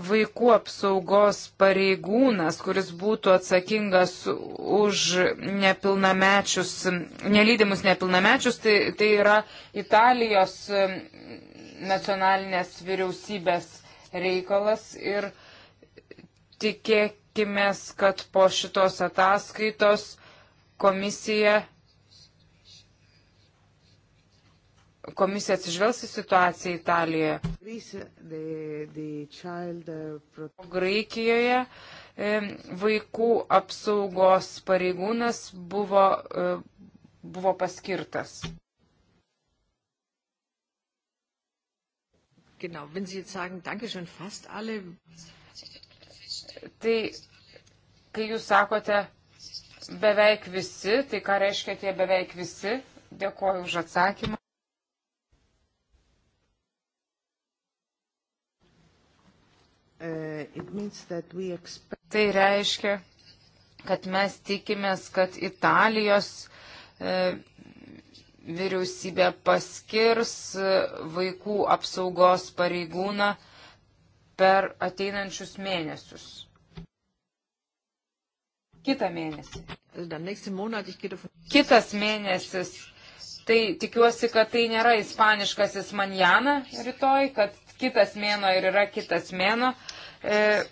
vaikų apsaugos pareigūnas, kuris būtų atsakingas už nepilnamečius, nelydimus nepilnamečius, tai, tai yra Italijos e, nacionalinės vyriausybės reikalas ir tikėkime, kad po šitos ataskaitos komisija komisija atsižvelgs į situaciją Italijoje. Uh, Graikijoje e, vaikų apsaugos pareigūnas buvo, e, buvo paskirtas. Genau, wenn Sie jetzt sagen, Dankeschön, fast alle. Tai, kai jūs sakote beveik visi, tai ką reiškia tie beveik visi? Dėkuoju už atsakymą. Uh, tai reiškia, kad mes tikimės, kad Italijos e, vyriausybė paskirs e, vaikų apsaugos pareigūną per ateinančius mėnesius. Kita mėnesį. Kitas mėnesis. Tai tikiuosi, kad tai nėra ispaniškasis manjana rytoj, kad kitas mėno ir yra kitas mėno. Uh, E,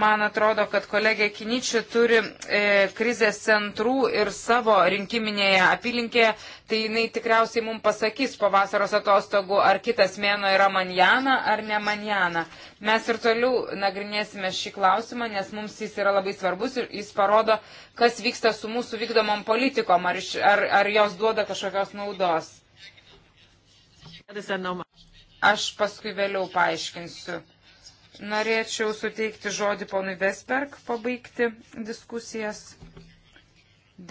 man atrodo, kad kolegė Kiničių turi e, krizės centrų ir savo rinkiminėje apylinkėje, tai jinai tikriausiai mums pasakys po vasaros atostogų, ar kitas mėno yra manjana ar ne manjana. Mes ir toliau nagrinėsime šį klausimą, nes mums jis yra labai svarbus ir jis parodo, kas vyksta su mūsų vykdomom politikom, ar, iš, ar, ar jos duoda kažkokios naudos. Aš paskui vėliau paaiškinsiu. Norėčiau suteikti žodį ponui Vesberg pabaigti diskusijas.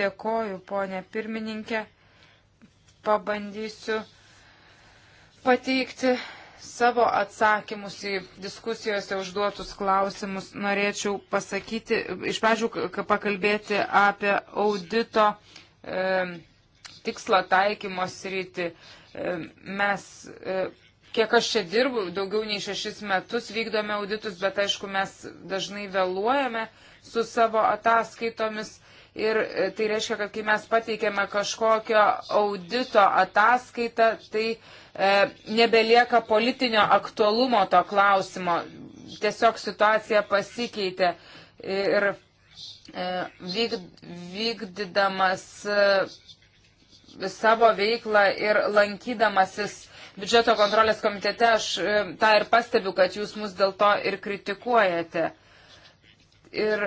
Dėkoju, ponė pirmininkė. Pabandysiu pateikti savo atsakymus į diskusijose užduotus klausimus. Norėčiau pasakyti, iš pradžių pakalbėti apie audito e, tikslo taikymos rytį. E, mes e, Kiek aš čia dirbu, daugiau nei šešis metus vykdome auditus, bet aišku, mes dažnai vėluojame su savo ataskaitomis. Ir e, tai reiškia, kad kai mes pateikėme kažkokio audito ataskaitą, tai e, nebelieka politinio aktualumo to klausimo. Tiesiog situacija pasikeitė. Ir e, vyk, vykdydamas e, savo veiklą ir lankydamasis biudžeto kontrolės komitete aš e, tą ir pastebiu, kad jūs mus dėl to ir kritikuojate. Ir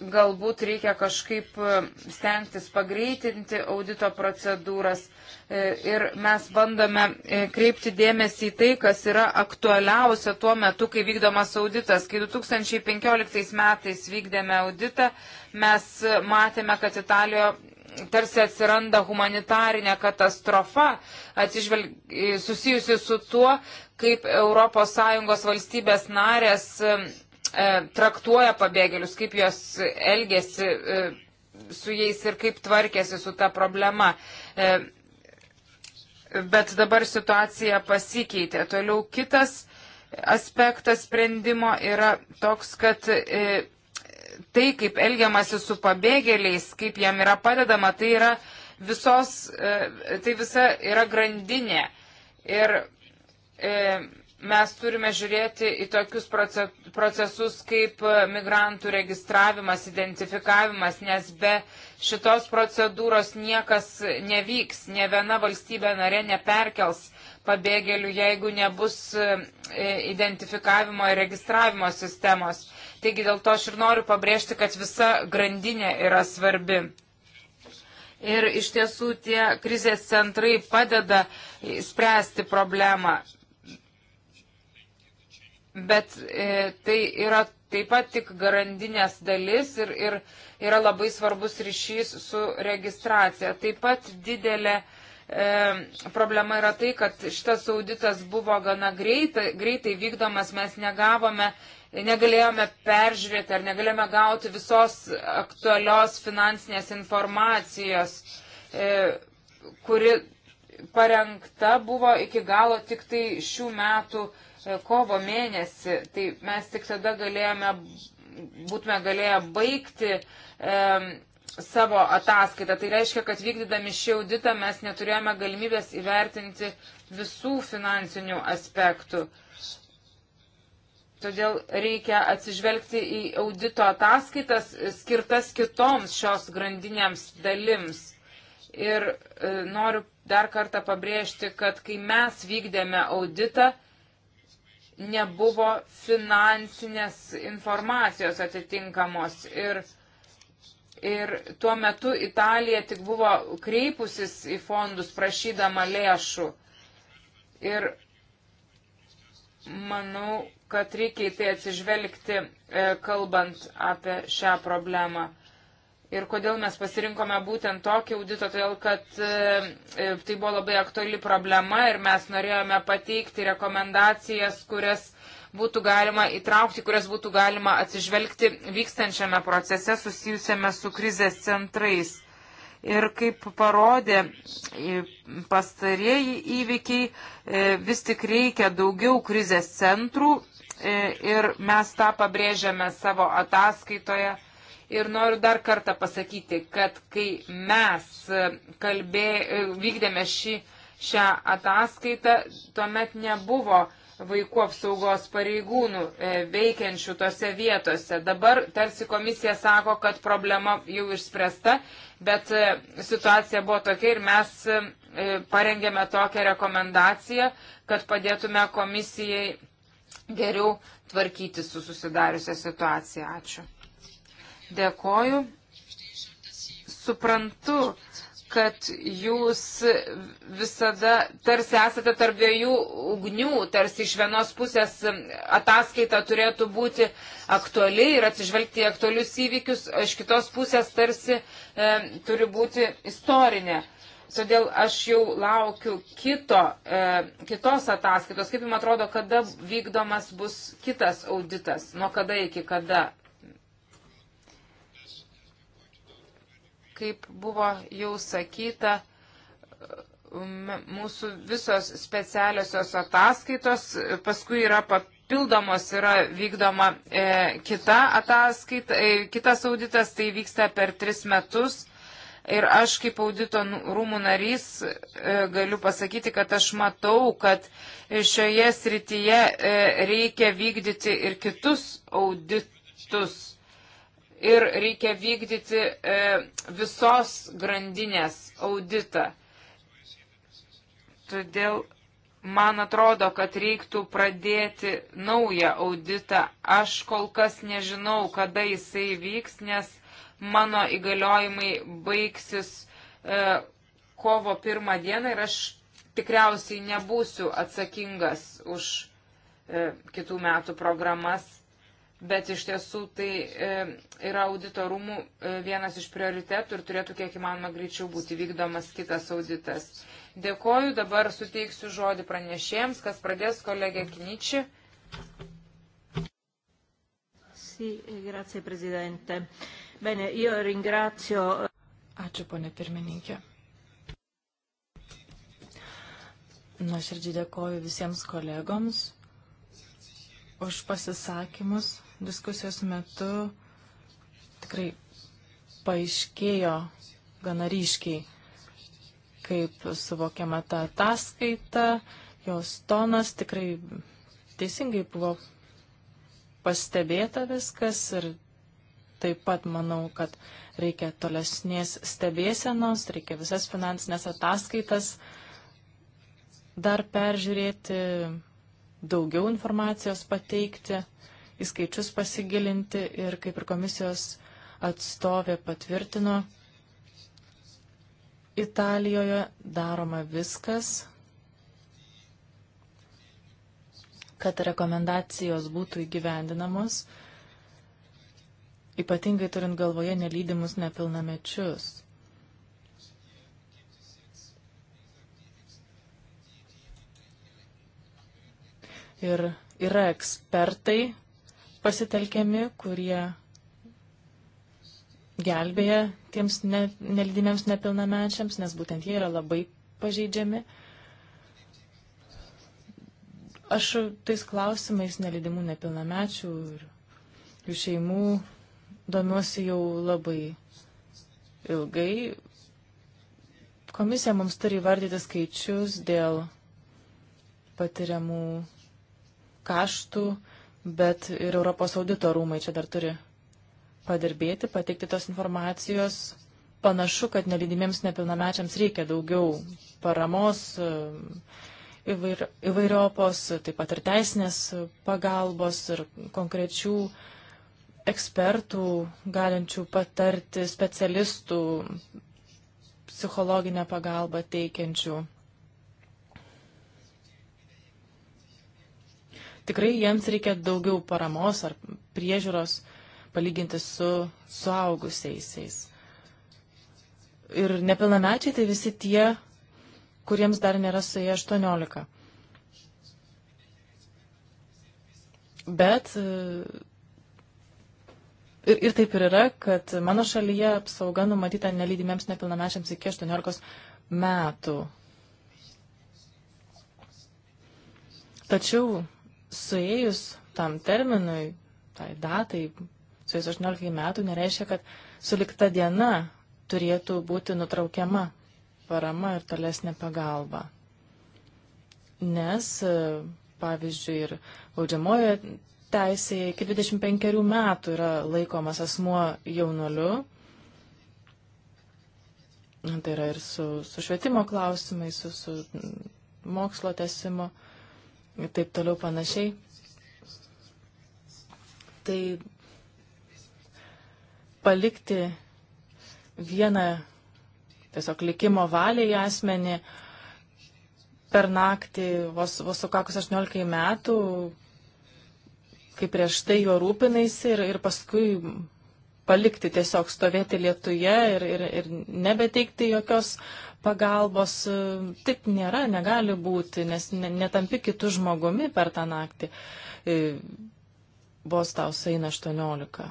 galbūt reikia kažkaip e, stengtis pagreitinti audito procedūras. E, ir mes bandome kreipti dėmesį į tai, kas yra aktualiausia tuo metu, kai vykdomas auditas. Kai 2015 metais vykdėme auditą, mes matėme, kad Italijoje tarsi atsiranda humanitarinė katastrofa, atsižvelg, susijusi su tuo, kaip ES valstybės narės e, traktuoja pabėgėlius, kaip jos elgesi e, su jais ir kaip tvarkėsi su ta problema. E, bet dabar situacija pasikeitė. Toliau kitas aspektas sprendimo yra toks, kad e, tai, kaip elgiamasi su pabėgėliais, kaip jam yra padedama, tai yra visos, e, tai visa yra grandinė. Ir e, mes turime žiūrėti į tokius procesus kaip e, migrantų registravimas, identifikavimas, nes be šitos procedūros niekas nevyks, ne viena valstybė narė neperkels pabėgėlių, jeigu nebus e, identifikavimo ir registravimo sistemos. Taigi dėl to aš ir noriu pabrėžti, kad visa grandinė yra svarbi. Ir iš tiesų tie krizės centrai padeda spręsti problemą. Bet e, tai yra taip pat tik garandinės dalis ir, ir yra labai svarbus ryšys su registracija. Taip pat didelė e, problema yra tai, kad šitas auditas buvo gana greitai, greitai vykdomas, mes negavome negalėjome peržiūrėti ar negalėjome gauti visos aktualios finansinės informacijos, e, kuri parengta buvo iki galo tik tai šių metų e, kovo mėnesį. Tai mes tik tada galėjome, būtume galėję baigti e, savo ataskaitą. Tai reiškia, kad vykdydami šį auditą mes neturėjome galimybės įvertinti visų finansinių aspektų. E, Todėl reikia atsižvelgti į audito ataskaitas skirtas kitoms šios grandinėms dalims. Ir e, noriu dar kartą pabrėžti, kad kai mes vykdėme auditą, nebuvo finansinės informacijos atitinkamos. Ir, ir tuo metu Italija tik buvo kreipusis į fondus prašydama lėšų. Ir manau, kad reikia į tai atsižvelgti, e, kalbant apie šią problemą. Ir kodėl mes pasirinkome būtent tokį auditą, todėl kad e, e, tai buvo labai aktuali problema ir mes norėjome pateikti rekomendacijas, kurias būtų galima įtraukti, kurias būtų galima atsižvelgti vykstančiame procese susijusiame su krizės centrais. Ir kaip parodė pastarieji įvykiai, vis tik reikia daugiau krizės centrų E, ir mes tą pabrėžiame savo ataskaitoje. Ir noriu dar kartą pasakyti, kad kai mes kalbė, e, vykdėme šį, šią ataskaitą, tuomet nebuvo vaikų apsaugos pareigūnų e, veikiančių tose vietose. Dabar tarsi komisija sako, kad problema jau išspręsta, bet situacija buvo tokia ir mes parengėme tokią rekomendaciją, kad padėtume komisijai geriau tvarkyti su susidariusią situaciją. Ačiū. Dėkoju. Suprantu, kad jūs visada tarsi esate tarp dviejų ugnių, tarsi iš vienos pusės ataskaita turėtų būti aktuali ir atsižvelgti į aktualius įvykius, o iš kitos pusės tarsi e, turi būti istorinė. E, Todėl aš jau laukiu kito, e, kitos ataskaitos. Kaip jums atrodo, kada vykdomas bus kitas auditas? Nuo kada iki kada? Kaip buvo jau sakyta, mūsų visos specialiosios ataskaitos, paskui yra papildomos, yra vykdoma e, kita ataskaita, e, kitas auditas, tai vyksta per tris metus. Ir aš kaip audito nu, rūmų narys e, galiu pasakyti, kad aš matau, kad šioje srityje e, reikia vykdyti ir kitus auditus. Ir reikia vykdyti e, visos grandinės auditą. Todėl man atrodo, kad reiktų pradėti naują auditą. Aš kol kas nežinau, kada jisai vyks, nes mano įgaliojimai baigsis e, kovo pirmą dieną ir aš tikriausiai nebūsiu atsakingas už e, kitų metų programas, bet iš tiesų tai e, yra audito rūmų e, vienas iš prioritetų ir turėtų kiek įmanoma greičiau būti vykdomas kitas auditas. Dėkoju, dabar suteiksiu žodį pranešėjams, kas pradės kolegė Kiniči. Sì, eh, grazie Presidente. Eh, Bene, io ringrazio. Eh, Ačiū, ponė pirmininkė. Nuoširdžiai dėkoju visiems kolegoms už pasisakymus diskusijos metu. Tikrai paaiškėjo gana ryškiai, kaip suvokiama ta ataskaita, jos tonas tikrai teisingai buvo pastebėta viskas ir Taip pat manau, kad reikia tolesnės stebėsenos, reikia visas finansinės ataskaitas dar peržiūrėti, daugiau informacijos pateikti, į skaičius pasigilinti ir kaip ir komisijos atstovė patvirtino, Italijoje daroma viskas, kad rekomendacijos būtų įgyvendinamos ypatingai turint galvoje nelydimus nepilnamečius. Ir yra ekspertai pasitelkiami, kurie gelbėja tiems ne, nelydimiems nepilnamečiams, nes būtent jie yra labai pažeidžiami. Aš tais klausimais nelydimų nepilnamečių ir jų šeimų domiuosi jau labai ilgai. Komisija mums turi vardyti skaičius dėl patiriamų kaštų, bet ir Europos audito rūmai čia dar turi padirbėti, pateikti tos informacijos. Panašu, kad nelydimiems nepilnamečiams reikia daugiau paramos įvair, įvairiopos, taip pat ir teisinės pagalbos ir konkrečių uh, ekspertų, galinčių patarti, specialistų, psichologinę pagalbą teikiančių. Tikrai jiems reikia daugiau paramos ar priežiūros palyginti su suaugusiaisiais. Ir nepilnamečiai tai visi tie, kuriems dar nėra suėję 18. Bet ir, ir taip ir yra, kad mano šalyje apsauga numatyta nelydimiems nepilnamečiams iki 18 metų. Tačiau suėjus tam terminui, tai datai, suėjus 18 metų, nereiškia, kad sulikta diena turėtų būti nutraukiama parama ir tolesnė pagalba. Nes, pavyzdžiui, ir baudžiamojoje teisėje iki 25 metų yra laikomas asmuo jaunoliu. Tai yra ir su, su švietimo klausimais, su, su mokslo tesimo ir taip toliau panašiai. Tai palikti vieną tiesiog likimo valiai asmenį per naktį, vos, vos sukakus 18 metų, kaip prieš tai juo rūpinaisi ir, ir paskui palikti tiesiog stovėti lietuje ir, ir, ir nebeteikti jokios pagalbos. Taip nėra, negali būti, nes netampi kitų žmogumi per tą naktį. E, vos tau eina 18.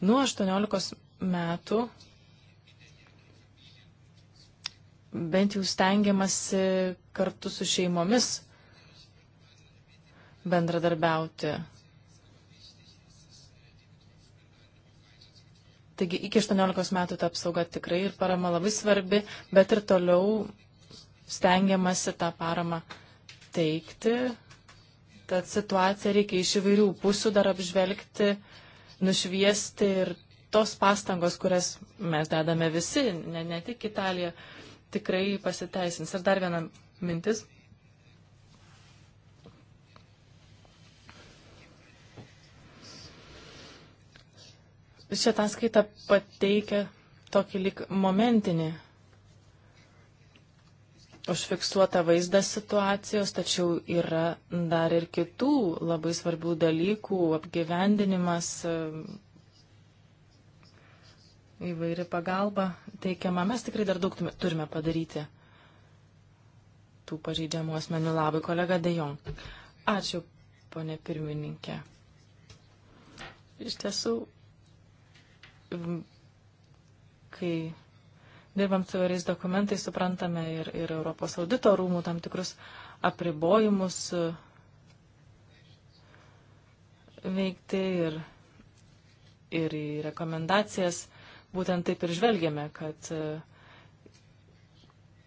Nuo 18 metų bent jau stengiamasi kartu su šeimomis bendradarbiauti. Taigi iki 18 metų ta apsauga tikrai ir parama labai svarbi, bet ir toliau stengiamasi tą paramą teikti. Tad situaciją reikia iš įvairių pusių dar apžvelgti, nušviesti ir tos pastangos, kurias mes dedame visi, ne, ne tik Italija, tikrai pasiteisins. Ir dar viena mintis Šią ataskaitą pateikia tokį lik momentinį užfiksuotą vaizdą situacijos, tačiau yra dar ir kitų labai svarbių dalykų - apgyvendinimas, įvairi pagalba teikiama. Mes tikrai dar daug turime padaryti tų pažeidžiamų asmenių labai. Kolega Dejon. Ačiū, ponė pirmininkė. Iš tiesų, kai dirbam su vairiais dokumentais, suprantame ir, ir Europos audito rūmų tam tikrus apribojimus e, veikti ir, ir į rekomendacijas. Būtent taip ir žvelgiame, kad e,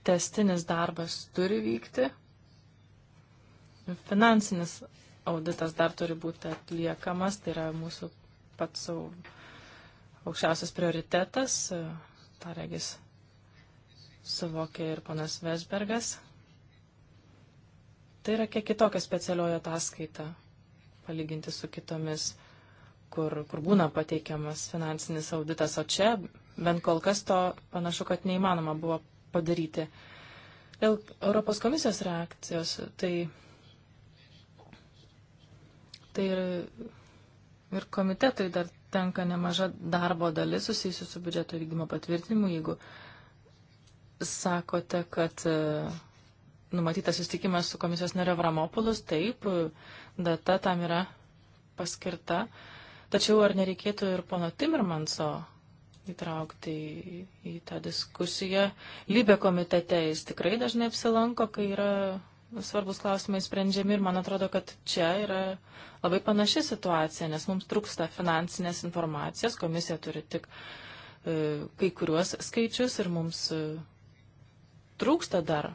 testinis darbas turi vykti, finansinis auditas dar turi būti atliekamas, tai yra mūsų pats savo aukščiausias prioritetas, e, tą regis suvokė ir ponas Vesbergas. Tai yra kiek kitokia specialiojo ataskaita, palyginti su kitomis, kur, kur būna pateikiamas finansinis auditas, o čia bent kol kas to panašu, kad neįmanoma buvo padaryti. Dėl Europos komisijos reakcijos, tai, tai ir, ir komitetui dar tenka nemaža darbo dalis susijusi su biudžeto vykdymo patvirtinimu, jeigu sakote, kad e, numatytas susitikimas su komisijos nario Vramopulus, taip, data tam yra paskirta, tačiau ar nereikėtų ir pono Timmermanso įtraukti į, į tą diskusiją. Lybė komitete jis tikrai dažnai apsilanko, kai yra svarbus klausimai sprendžiami ir man atrodo, kad čia yra labai panaši situacija, nes mums trūksta finansinės informacijos, komisija turi tik e, kai kuriuos skaičius ir mums e, trūksta dar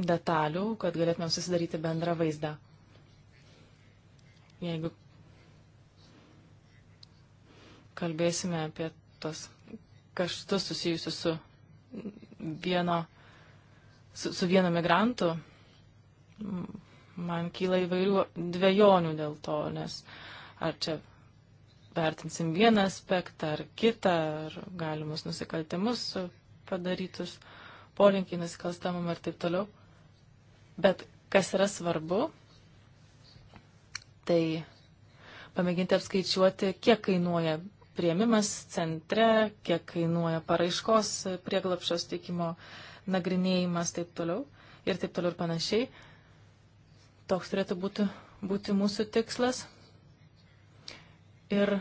detalių, kad galėtumėm susidaryti bendrą vaizdą. Jeigu kalbėsime apie tos kaštus susijusius su vieno su, su vienu migrantu, man kyla įvairių dviejonių dėl to, nes ar čia vertinsim vieną aspektą ar kitą, ar galimus nusikaltimus padarytus, polinkį nusikalstamam ir taip toliau. Bet kas yra svarbu, tai pamėginti apskaičiuoti, kiek kainuoja prieimimas centre, kiek kainuoja paraiškos prieglapšio steikimo uh, nagrinėjimas taip toliau ir taip toliau ir panašiai. Toks turėtų būti, būti mūsų tikslas. Ir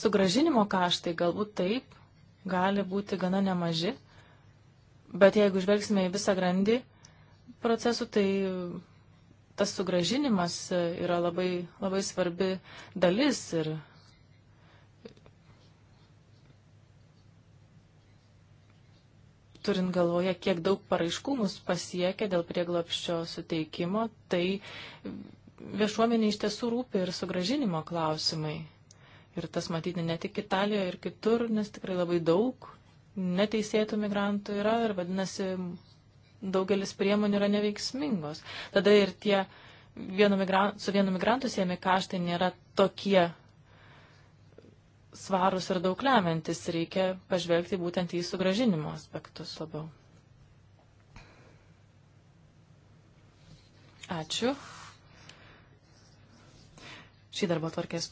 sugražinimo kaštai galbūt taip gali būti gana nemaži, bet jeigu žvelgsime į visą grandį procesų, tai tas sugražinimas yra labai, labai svarbi dalis ir turint galvoje, kiek daug paraiškų mus pasiekia dėl prieglopščio suteikimo, tai viešuomenė iš tiesų rūpi ir sugražinimo klausimai. Ir tas matyti ne tik Italijoje ir kitur, nes tikrai labai daug neteisėtų migrantų yra ir vadinasi, daugelis priemonių yra neveiksmingos. Tada ir tie vienu migran, su vienu migrantu siemi kaštai nėra tokie svarus ir daug lemiantis. Reikia pažvelgti būtent į sugražinimo aspektus labiau. Ačiū. Šį darbo tvarkės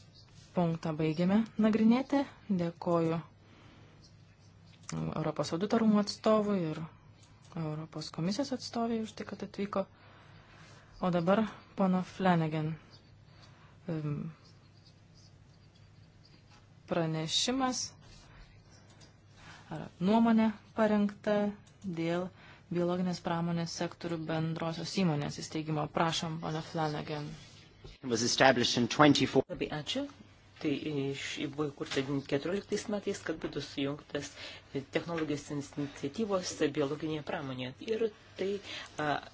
punktą baigėme nagrinėti. Dėkoju Europos auditorumų atstovui ir Europos komisijos atstoviai už tai, kad atvyko. O dabar pono Flanagan pranešimas ar nuomonė parengta dėl biologinės pramonės sektorių bendrosios įmonės įsteigimo. Prašom, pana Flanagan. Labai ačiū. Tai iš, buvo įkurta 14 metais, kad būtų sujungtas technologijos iniciatyvos biologinėje pramonėje. Ir tai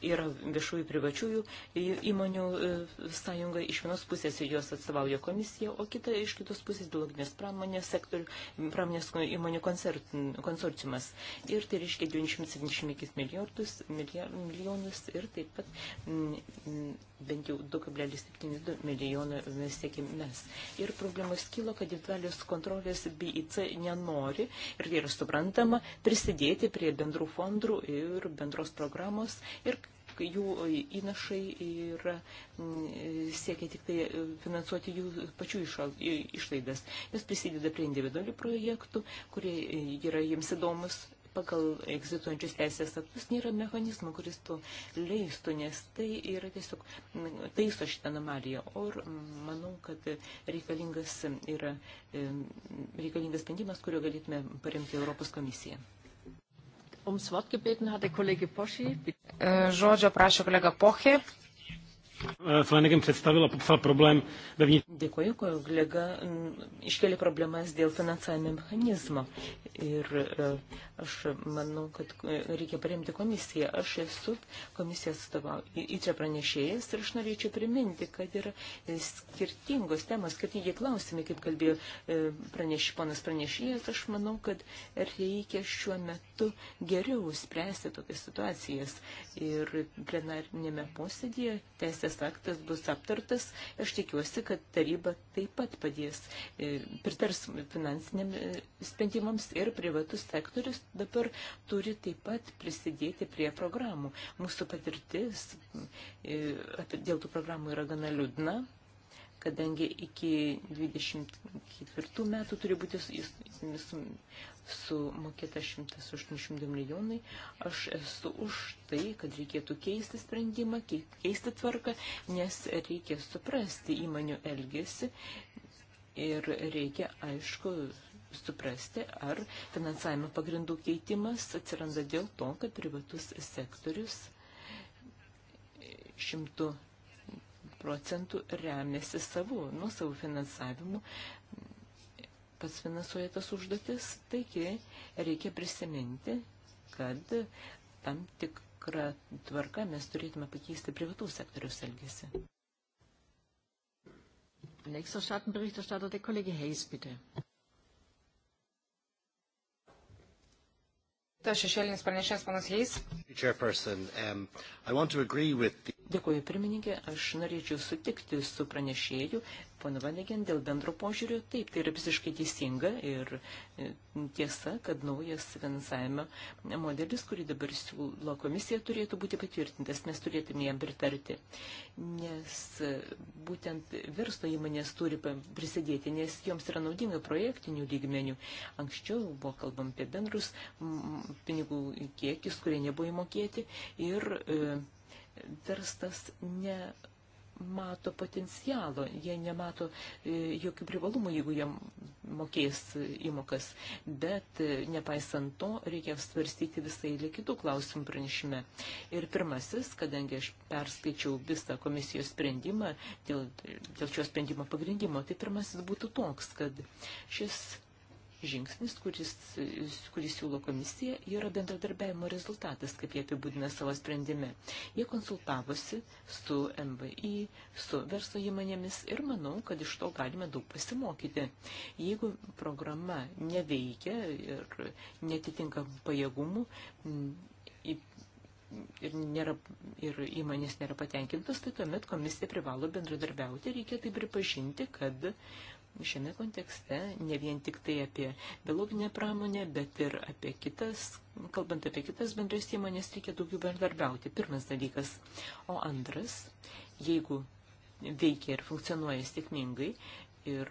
yra viešųjų privačiųjų įmonių e, sąjunga iš vienos pusės ir jos atstovauja komisija, o kita iš kitos pusės biologinės pramonės sektorių, pramonės įmonių koncert, konsorciumas. Ir tai reiškia 275 milijardus, milijonus ir taip pat m, bent jau 2,72 milijono e, siekime mes. Ir problemos kilo, kad individualios kontrolės BIC nenori ir tai yra suprantama suprantama, prisidėti prie bendrų fondų ir bendros programos ir jų įnašai yra mm, siekia tik tai e, finansuoti jų pačių išlaidas. Jos prisideda prie individualių projektų, kurie e, yra jiems įdomus pagal egzistuojančius teisės aktus nėra mechanizmo, kuris to leistų, nes tai yra tiesiog taiso šitą anomaliją. O manau, kad reikalingas yra reikalingas sprendimas, kurio galėtume paremti Europos komisiją. E, žodžio prašė kolega Pochė. Eh, Flanagan predstavila, popsal problem. Dėkuoju, kolega mm, iškėlė problemas dėl finansavimo mechanizmo. Ir eh, aš manau, kad eh, reikia paremti komisiją. Aš esu komisijos atstovau į čia pranešėjas ir aš norėčiau priminti, kad yra skirtingos temos, skirtingi klausimai, kaip kalbėjo praneš, ponas pranešėjas. Aš manau, kad reikia šiuo metu geriau spręsti tokias situacijas. Ir plenarinėme posėdėje teisės teisės aktas bus aptartas. Aš tikiuosi, kad taryba taip pat padės e, pritars finansiniam e, sprendimams ir privatus sektorius dabar turi taip pat prisidėti prie programų. Mūsų patirtis e, dėl tų programų yra gana liūdna kadangi iki 24 metų turi būti sumokėta 180 milijonai. Aš esu už tai, kad reikėtų keisti sprendimą, keisti tvarką, nes reikia suprasti įmonių elgesį ir reikia, aišku, suprasti, ar finansavimo pagrindų keitimas atsiranda dėl to, kad privatus sektorius šimtų procentų remiasi savo, nuo savo finansavimu, pats finansuoja tas užduotis, taigi reikia prisiminti, kad tam tikrą tvarką mes turėtume pakeisti privatų sektoriaus elgesį. Nächster Schattenberichterstatter, der Kollege Hayes, bitte. Tas šešėlinis pranešėjas panas um, Heis. Dėkuoju, pirmininkė, aš norėčiau sutikti su pranešėju, ponu Vanegen, dėl bendro požiūrio. Taip, tai yra visiškai teisinga ir e, tiesa, kad naujas finansavimo modelis, kurį dabar siūlo komisija, turėtų būti patvirtintas, mes turėtume jam pritarti. Nes e, būtent verslo įmonės turi prisidėti, nes joms yra naudinga projektinių lygmenių. Anksčiau buvo kalbam apie bendrus pinigų kiekius, kurie nebuvo įmokėti. Ir, e, verstas nemato potencialo, jie nemato e, jokių privalumų, jeigu jie mokės įmokas. Bet e, nepaisant to, reikia svarstyti visai lė kitų klausimų pranešime. Ir pirmasis, kadangi aš perskaičiau visą komisijos sprendimą dėl, dėl šio sprendimo pagrindimo, tai pirmasis būtų toks, kad šis žingsnis, kuris, kuris siūlo komisija, yra bendradarbiavimo rezultatas, kaip jie apibūdina savo sprendime. Jie konsultavosi su MVI, su verslo įmonėmis ir manau, kad iš to galime daug pasimokyti. Jeigu programa neveikia ir netitinka pajėgumų, ir, nėra, ir įmonės nėra patenkintas, tai tuomet komisija privalo bendradarbiauti, reikia tai pripažinti, kad šiame kontekste, ne vien tik tai apie biologinę pramonę, bet ir apie kitas, kalbant apie kitas bendras įmonės, reikia daugiau bendarbiauti. Pirmas dalykas. O antras, jeigu veikia ir funkcionuoja sėkmingai, ir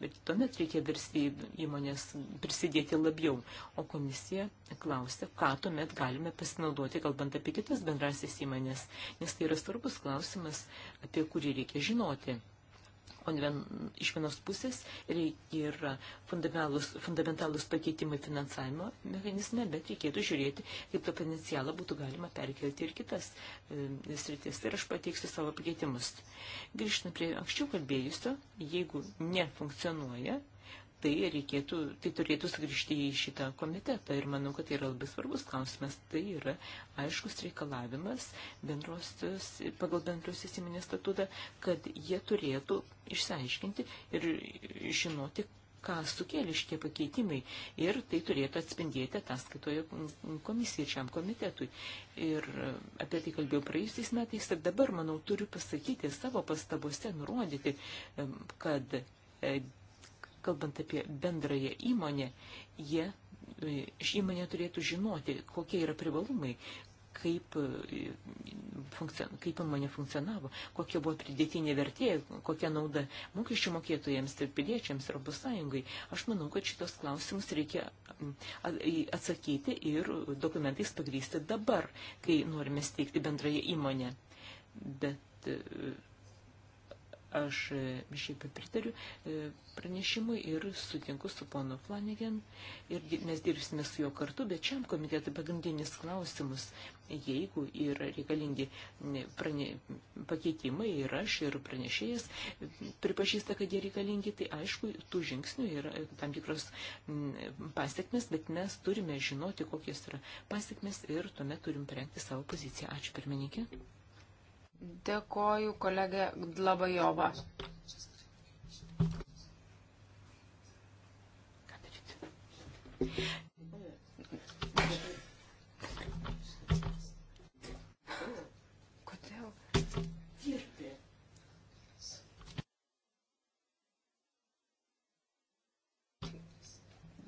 bet tuomet reikia versti įmonės prisidėti labiau. O komisija klausia, ką tuomet galime pasinaudoti, kalbant apie kitas bendrasis įmonės, nes tai yra svarbus klausimas, apie kurį reikia žinoti. O vien, iš vienos pusės yra fundamentalus, fundamentalus pakeitimai finansavimo mechanizme, bet reikėtų žiūrėti, kaip tą potencialą būtų galima perkelti ir kitas e, sritis. Ir aš pateiksiu savo pakeitimus. Grįžtant prie anksčiau kalbėjusio, jeigu nefunkcionuoja tai reikėtų, tai turėtų sugrįžti į šitą komitetą ir manau, kad tai yra labai svarbus klausimas. Tai yra aiškus reikalavimas bendrosios, pagal bendrosios įmonės statutą, kad jie turėtų išsiaiškinti ir žinoti, ką sukėlė šitie pakeitimai ir tai turėtų atspindėti ataskaitoje komisijai šiam komitetui. Ir apie tai kalbėjau praėjusiais metais ir dabar, manau, turiu pasakyti savo pastabose, nurodyti, kad kalbant apie bendrąją įmonę, jie, e, ši įmonė turėtų žinoti, kokie yra privalumai, kaip, e, funkcion, kaip įmonė funkcionavo, kokia buvo pridėtinė vertė, kokia nauda mokesčių mokėtojams ir tai piliečiams Europos Sąjungai. Aš manau, kad šitos klausimus reikia atsakyti ir dokumentais pagrysti dabar, kai norime steigti bendrąją įmonę. Bet e, Aš e, šiaip pritariu e, pranešimui ir sutinku su ponu Flanagan ir mes dirbsime su juo kartu, bet šiam komitetui pagrindinis klausimus, jeigu yra reikalingi prane, pakeitimai ir aš ir pranešėjas pripažįsta, kad jie reikalingi, tai aišku, tų žingsnių yra tam tikros mm, pasiekmes, bet mes turime žinoti, kokios yra pasiekmes ir tuomet turim parengti savo poziciją. Ačiū pirmininkė. Dėkoju, kolegė Dlabajova.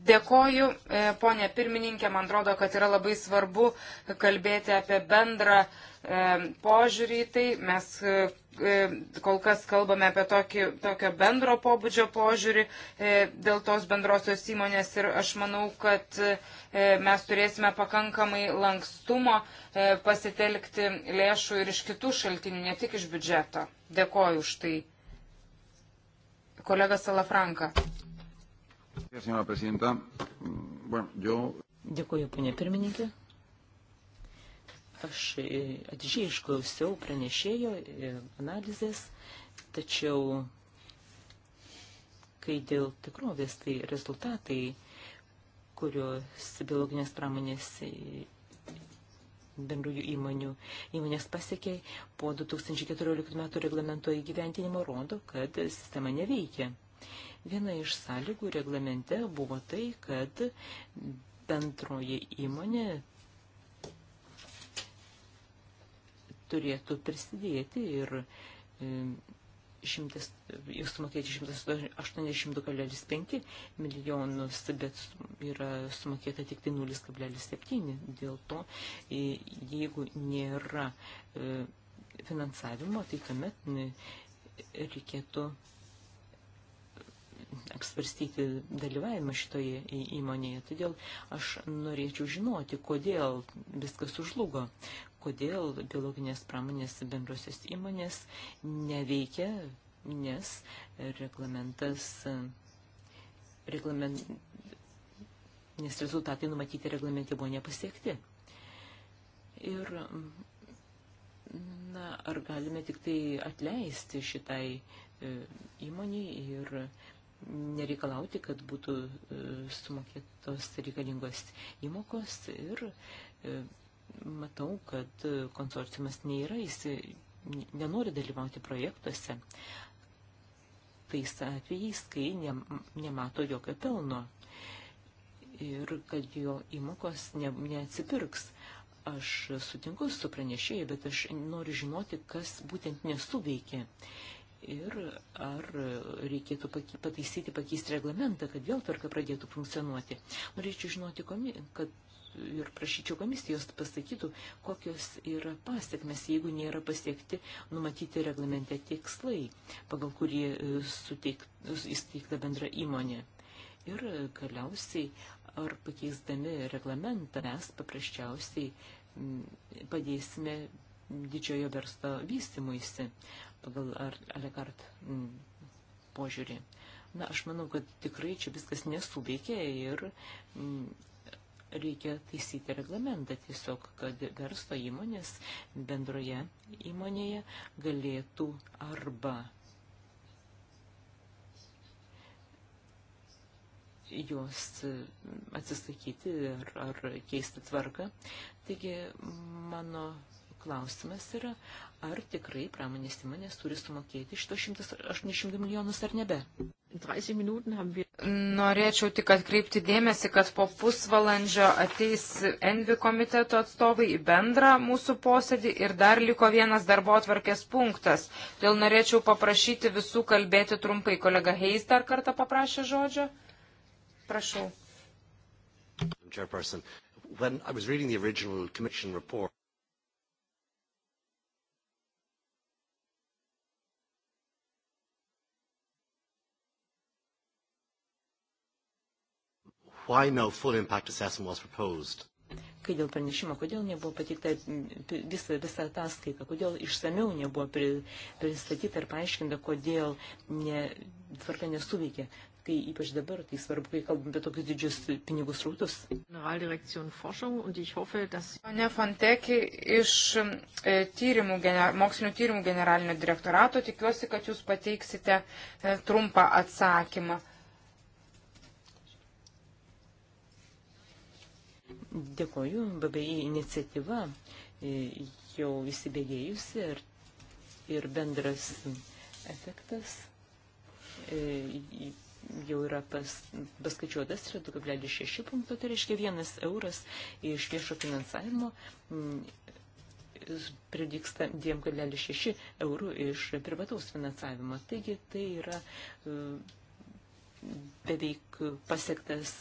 Dėkoju, e, ponė pirmininkė, man atrodo, kad yra labai svarbu kalbėti apie bendrą e, požiūrį į tai. Mes e, kol kas kalbame apie tokį, tokio bendro pobūdžio požiūrį dėl tos bendrosios įmonės ir aš manau, kad mes turėsime pakankamai lankstumo pasitelkti lėšų ir iš kitų šaltinių, ne tik iš biudžeto. Dėkoju už tai. Kolega Salafranka. Mm, Dėkuoju, panė pirmininkė. Aš e, atžiai išklausiau pranešėjo e, analizės, tačiau kai dėl tikrovės, tai rezultatai, kurios biologinės pramonės e, bendrųjų įmonių įmonės pasiekė po 2014 metų reglamento įgyventinimo rodo, kad sistema neveikia. Viena iš sąlygų reglamente buvo tai, kad bendroji įmonė turėtų prisidėti ir šimtas, jūs sumokėti 182,5 milijonus, bet yra sumokėta tik tai 0,7. Dėl to, jeigu nėra e, finansavimo, tai tuomet reikėtų apsvarstyti dalyvavimą šitoje įmonėje. Todėl aš norėčiau žinoti, kodėl viskas užlugo, kodėl biologinės pramonės bendrosios įmonės neveikia, nes reglamentas, reglament, nes rezultatai numatyti reglamente buvo nepasiekti. Ir na, ar galime tik tai atleisti šitai e, įmoniai ir nereikalauti, kad būtų e, sumokėtos reikalingos įmokos ir e, matau, kad konsorciumas nėra, jis nenori dalyvauti projektuose tais atvejais, kai nemato jokio pelno ir kad jo įmokos ne, neatsipirks. Aš sutinku su pranešėjai, bet aš noriu žinoti, kas būtent nesuveikė ir ar reikėtų pataisyti, pakeisti reglamentą, kad vėl tvarka pradėtų funkcionuoti. Norėčiau žinoti, kad ir prašyčiau komisijos pasakytų, kokios yra pasiekmes, jeigu nėra pasiekti numatyti reglamente tikslai, pagal kurį e, įsteigta bendra įmonė. Ir galiausiai, ar pakeisdami reglamentą mes paprasčiausiai padėsime didžiojo verslo vystimuisi pagal alekart mm, požiūrį. Na, aš manau, kad tikrai čia viskas nesuveikė ir m, mm, reikia taisyti reglamentą tiesiog, kad verslo įmonės bendroje įmonėje galėtų arba jos atsisakyti ar, ar keisti tvarką. Taigi mano klausimas yra, ar tikrai pramonės įmonės turi sumokėti šito 180 milijonus ar nebe. Norėčiau tik atkreipti dėmesį, kad po pusvalandžio ateis Envi komiteto atstovai į bendrą mūsų posėdį ir dar liko vienas darbo atvarkės punktas. Todėl norėčiau paprašyti visų kalbėti trumpai. Kolega Heis dar kartą paprašė žodžio. Prašau. Chairperson, when I was reading the original Commission report, why no full impact assessment was proposed? Kai dėl pranešimo, kodėl nebuvo patikta visa, visa ataskaita, kodėl išsameu nebuvo pri, pristatyta ir paaiškinta, kodėl ne, tvarka nesuveikė, kai ypač dabar, tai svarbu, kai kalbam apie tokius didžius pinigų srautus. Pane Fanteki iš e, tyrimų, mokslinio tyrimų generalinio direktorato, tikiuosi, kad jūs pateiksite e, trumpą atsakymą. Dėkoju, BBI iniciatyva e, jau įsibėgėjusi ir, ir bendras efektas e, jau yra pas, paskaičiuotas, yra 2,6 punkto, tai reiškia vienas euras iš viešo finansavimo mm, pridyksta 2,6 eurų iš privataus finansavimo. Taigi tai yra e, beveik pasiektas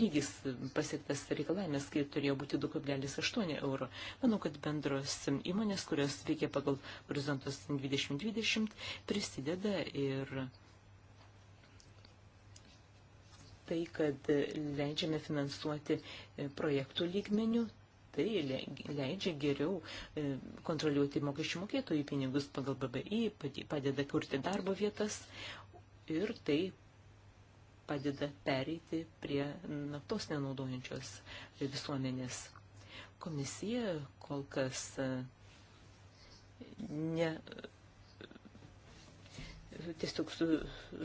lygis pasiektas reikalavimas, kai turėjo būti 2,8 euro. Manau, kad bendros įmonės, kurios veikia pagal horizontus 2020, prisideda ir tai, kad leidžiame finansuoti e, projektų lygmenių, tai leidžia geriau e, kontroliuoti mokesčių mokėtojų pinigus pagal BBI, padeda kurti darbo vietas ir tai padeda pereiti prie naftos nenaudojančios visuomenės. Komisija kol kas e, ne e, tiesiog su,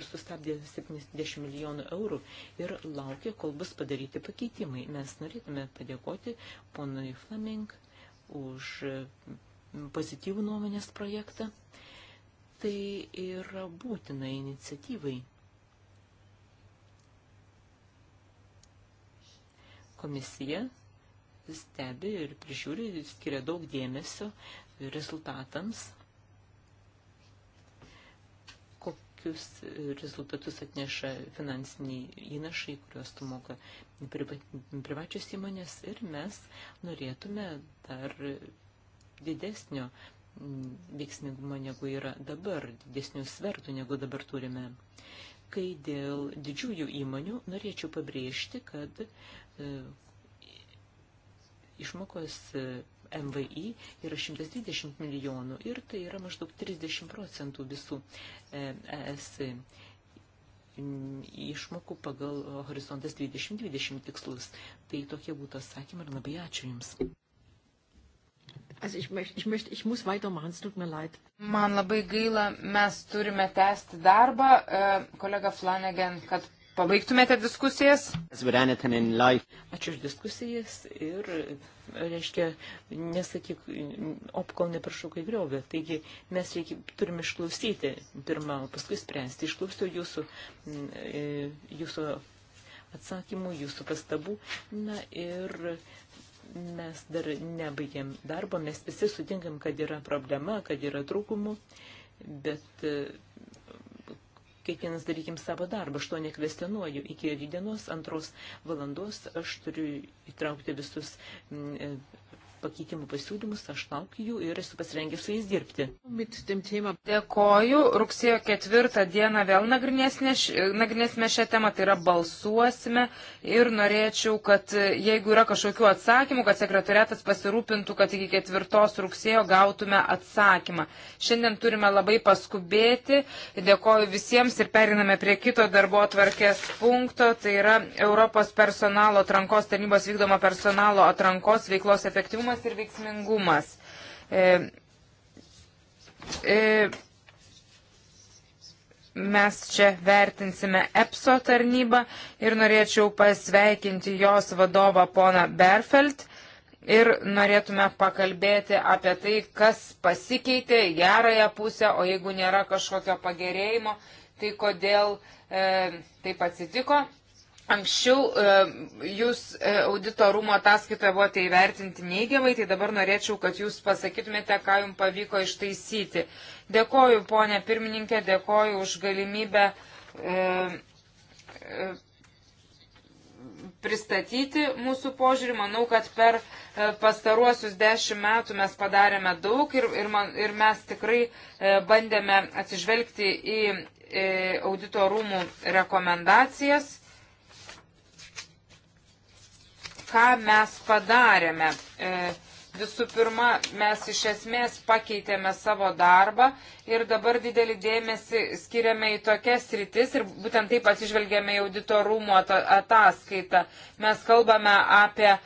sustabdė 70 milijonų eurų ir laukia, kol bus padaryti pakeitimai. Mes norėtume padėkoti ponui Fleming už e, pozityvų nuomonės projektą. Tai yra būtina iniciatyvai, Komisija stebi ir prižiūri, skiria daug dėmesio rezultatams, kokius rezultatus atneša finansiniai įnašai, kuriuos tu moka privačios įmonės ir mes norėtume dar didesnio veiksmingumo negu yra dabar, didesnių svertų negu dabar turime. Kai dėl didžiųjų įmonių norėčiau pabrėžti, kad E, išmokos e, MVI yra 120 milijonų ir tai yra maždaug 30 procentų visų ES e išmokų pagal horizontas 2020 tikslus. Tai tokie būtų atsakymai ir labai ačiū Jums. Also ich möchte, ich möchte, ich muss weitermachen, es tut mir leid. Man labai gaila, mes turime tęsti darbą, kolega Flanagan, kad pabaigtumėte diskusijas? Ačiū už diskusijas ir, reiškia, nesakyk, opkol neprašau, kai griovė. Taigi mes reikia, turim išklausyti pirmą, paskui spręsti. Išklausiu jūsų, e, jūsų atsakymų, jūsų pastabų. Na ir mes dar nebaigėm darbo, mes visi sutinkam, kad yra problema, kad yra trūkumų, bet kiekvienas darykim savo darbą, aš to nekvestionuoju. Iki rydienos antros valandos aš turiu įtraukti visus mm, pakeitimų pasiūlymus, aš laukiu jų ir esu pasirengęs su jais dirbti. Dėkoju. Rugsėjo ketvirtą dieną vėl nagrinėsime šią temą, tai yra balsuosime ir norėčiau, kad e, jeigu yra kažkokių atsakymų, kad sekretariatas pasirūpintų, kad iki ketvirtos rugsėjo gautume atsakymą. Šiandien turime labai paskubėti. Dėkoju visiems ir periname prie kito darbo atvarkės punkto, tai yra Europos personalo atrankos tarnybos vykdomo personalo atrankos veiklos efektyvumo efektyvumas ir veiksmingumas. E, e, mes čia vertinsime EPSO tarnybą ir norėčiau pasveikinti jos vadovą poną Berfeld ir norėtume pakalbėti apie tai, kas pasikeitė į gerąją pusę, o jeigu nėra kažkokio pagerėjimo, tai kodėl e, taip atsitiko. Anksčiau e, jūs e, audito rūmo ataskaitoje buvote įvertinti neigiamai, tai dabar norėčiau, kad jūs pasakytumėte, ką jums pavyko ištaisyti. Dėkoju, ponė pirmininkė, dėkoju už galimybę e, pristatyti mūsų požiūrį. Manau, kad per pastaruosius dešimt metų mes padarėme daug ir, ir, man, ir mes tikrai bandėme atsižvelgti į audito rūmų rekomendacijas. ką mes padarėme. E, visų pirma, mes iš esmės pakeitėme savo darbą ir dabar didelį dėmesį skiriame į tokias rytis ir būtent taip atsižvelgėme į auditorumo ataskaitą. Mes kalbame apie e,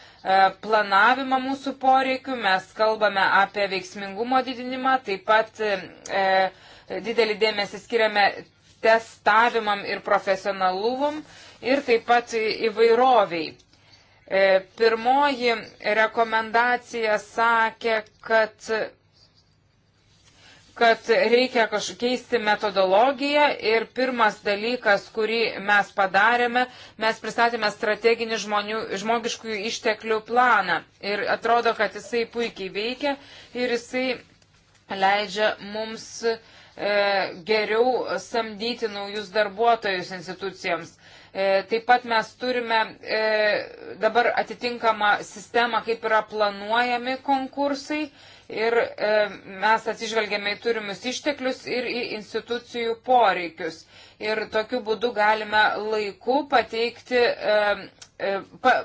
planavimą mūsų poreikių, mes kalbame apie veiksmingumo didinimą, taip pat e, e didelį dėmesį skiriame testavimam ir profesionalumam ir taip pat įvairoviai. E, pirmoji rekomendacija sakė, kad kad reikia keisti metodologiją ir pirmas dalykas, kurį mes padarėme, mes pristatėme strateginį žmonių, žmogiškųjų išteklių planą. Ir atrodo, kad jisai puikiai veikia ir jisai leidžia mums e, geriau samdyti naujus darbuotojus institucijoms. E, taip pat mes turime e, dabar atitinkamą sistemą, kaip yra planuojami konkursai ir e, mes atsižvelgiame į turimus išteklius ir į institucijų poreikius. Ir tokiu būdu galime laiku pateikti, pa,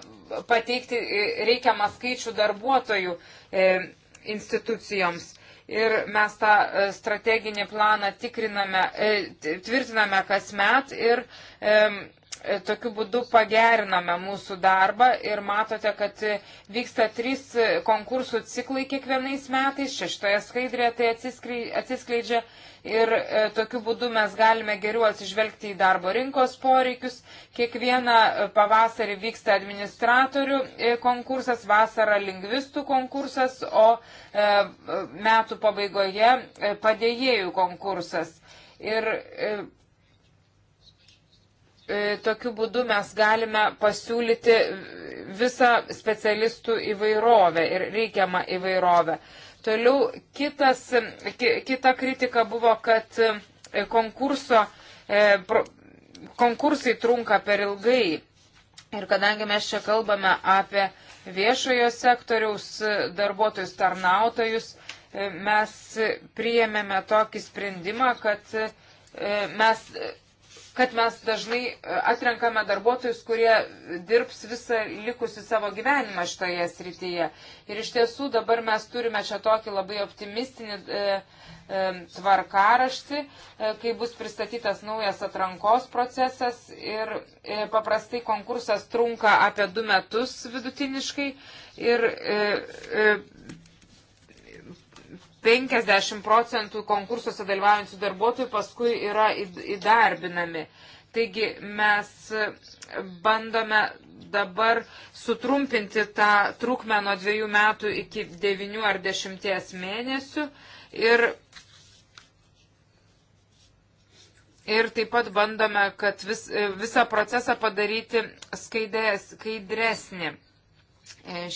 pateikti reikiamą skaičių darbuotojų institucijoms. Ir mes tą strateginį planą tikriname, tvirtiname kasmet ir E, tokiu būdu pageriname mūsų darbą ir matote, kad vyksta trys konkursų ciklai kiekvienais metais, šeštoje skaidrėje tai atsiskleidžia ir e, tokiu būdu mes galime geriau atsižvelgti į darbo rinkos poreikius. Kiekvieną e, pavasarį vyksta administratorių konkursas, vasarą lingvistų konkursas, o metų pabaigoje padėjėjų konkursas. Ir E, tokiu būdu mes galime pasiūlyti visą specialistų įvairovę ir reikiamą įvairovę. Toliau kitas, kita kritika buvo, kad e, konkurso, e, konkursai trunka per ilgai. Ir kadangi mes čia kalbame apie viešojo sektoriaus darbuotojus tarnautojus, mes priėmėme tokį sprendimą, kad mes kad mes dažnai e, atrenkame darbuotojus, kurie dirbs visą likusi savo gyvenimą šitoje srityje. Ir iš tiesų dabar mes turime čia tokį labai optimistinį e, e, tvarkaraštį, e, kai bus pristatytas naujas atrankos procesas ir e, paprastai konkursas trunka apie du metus vidutiniškai. Ir, e, e, 50 procentų konkursuose dalyvaujančių darbuotojų paskui yra įdarbinami. Taigi mes bandome dabar sutrumpinti tą trukmę nuo dviejų metų iki devinių ar dešimties mėnesių ir, ir taip pat bandome, kad vis, visą procesą padaryti skaidres, skaidresnį.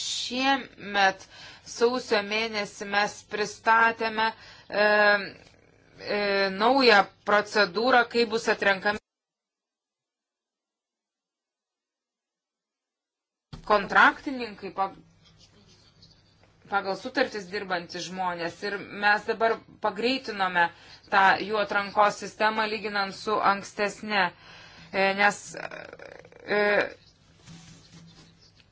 Šiemet Sausio mėnesį mes pristatėme e, e, naują procedūrą, kaip bus atrenkami kontraktininkai pagal sutartis dirbantys žmonės. Ir mes dabar pagreitinome tą jų atrankos sistemą lyginant su ankstesne. E, nes e,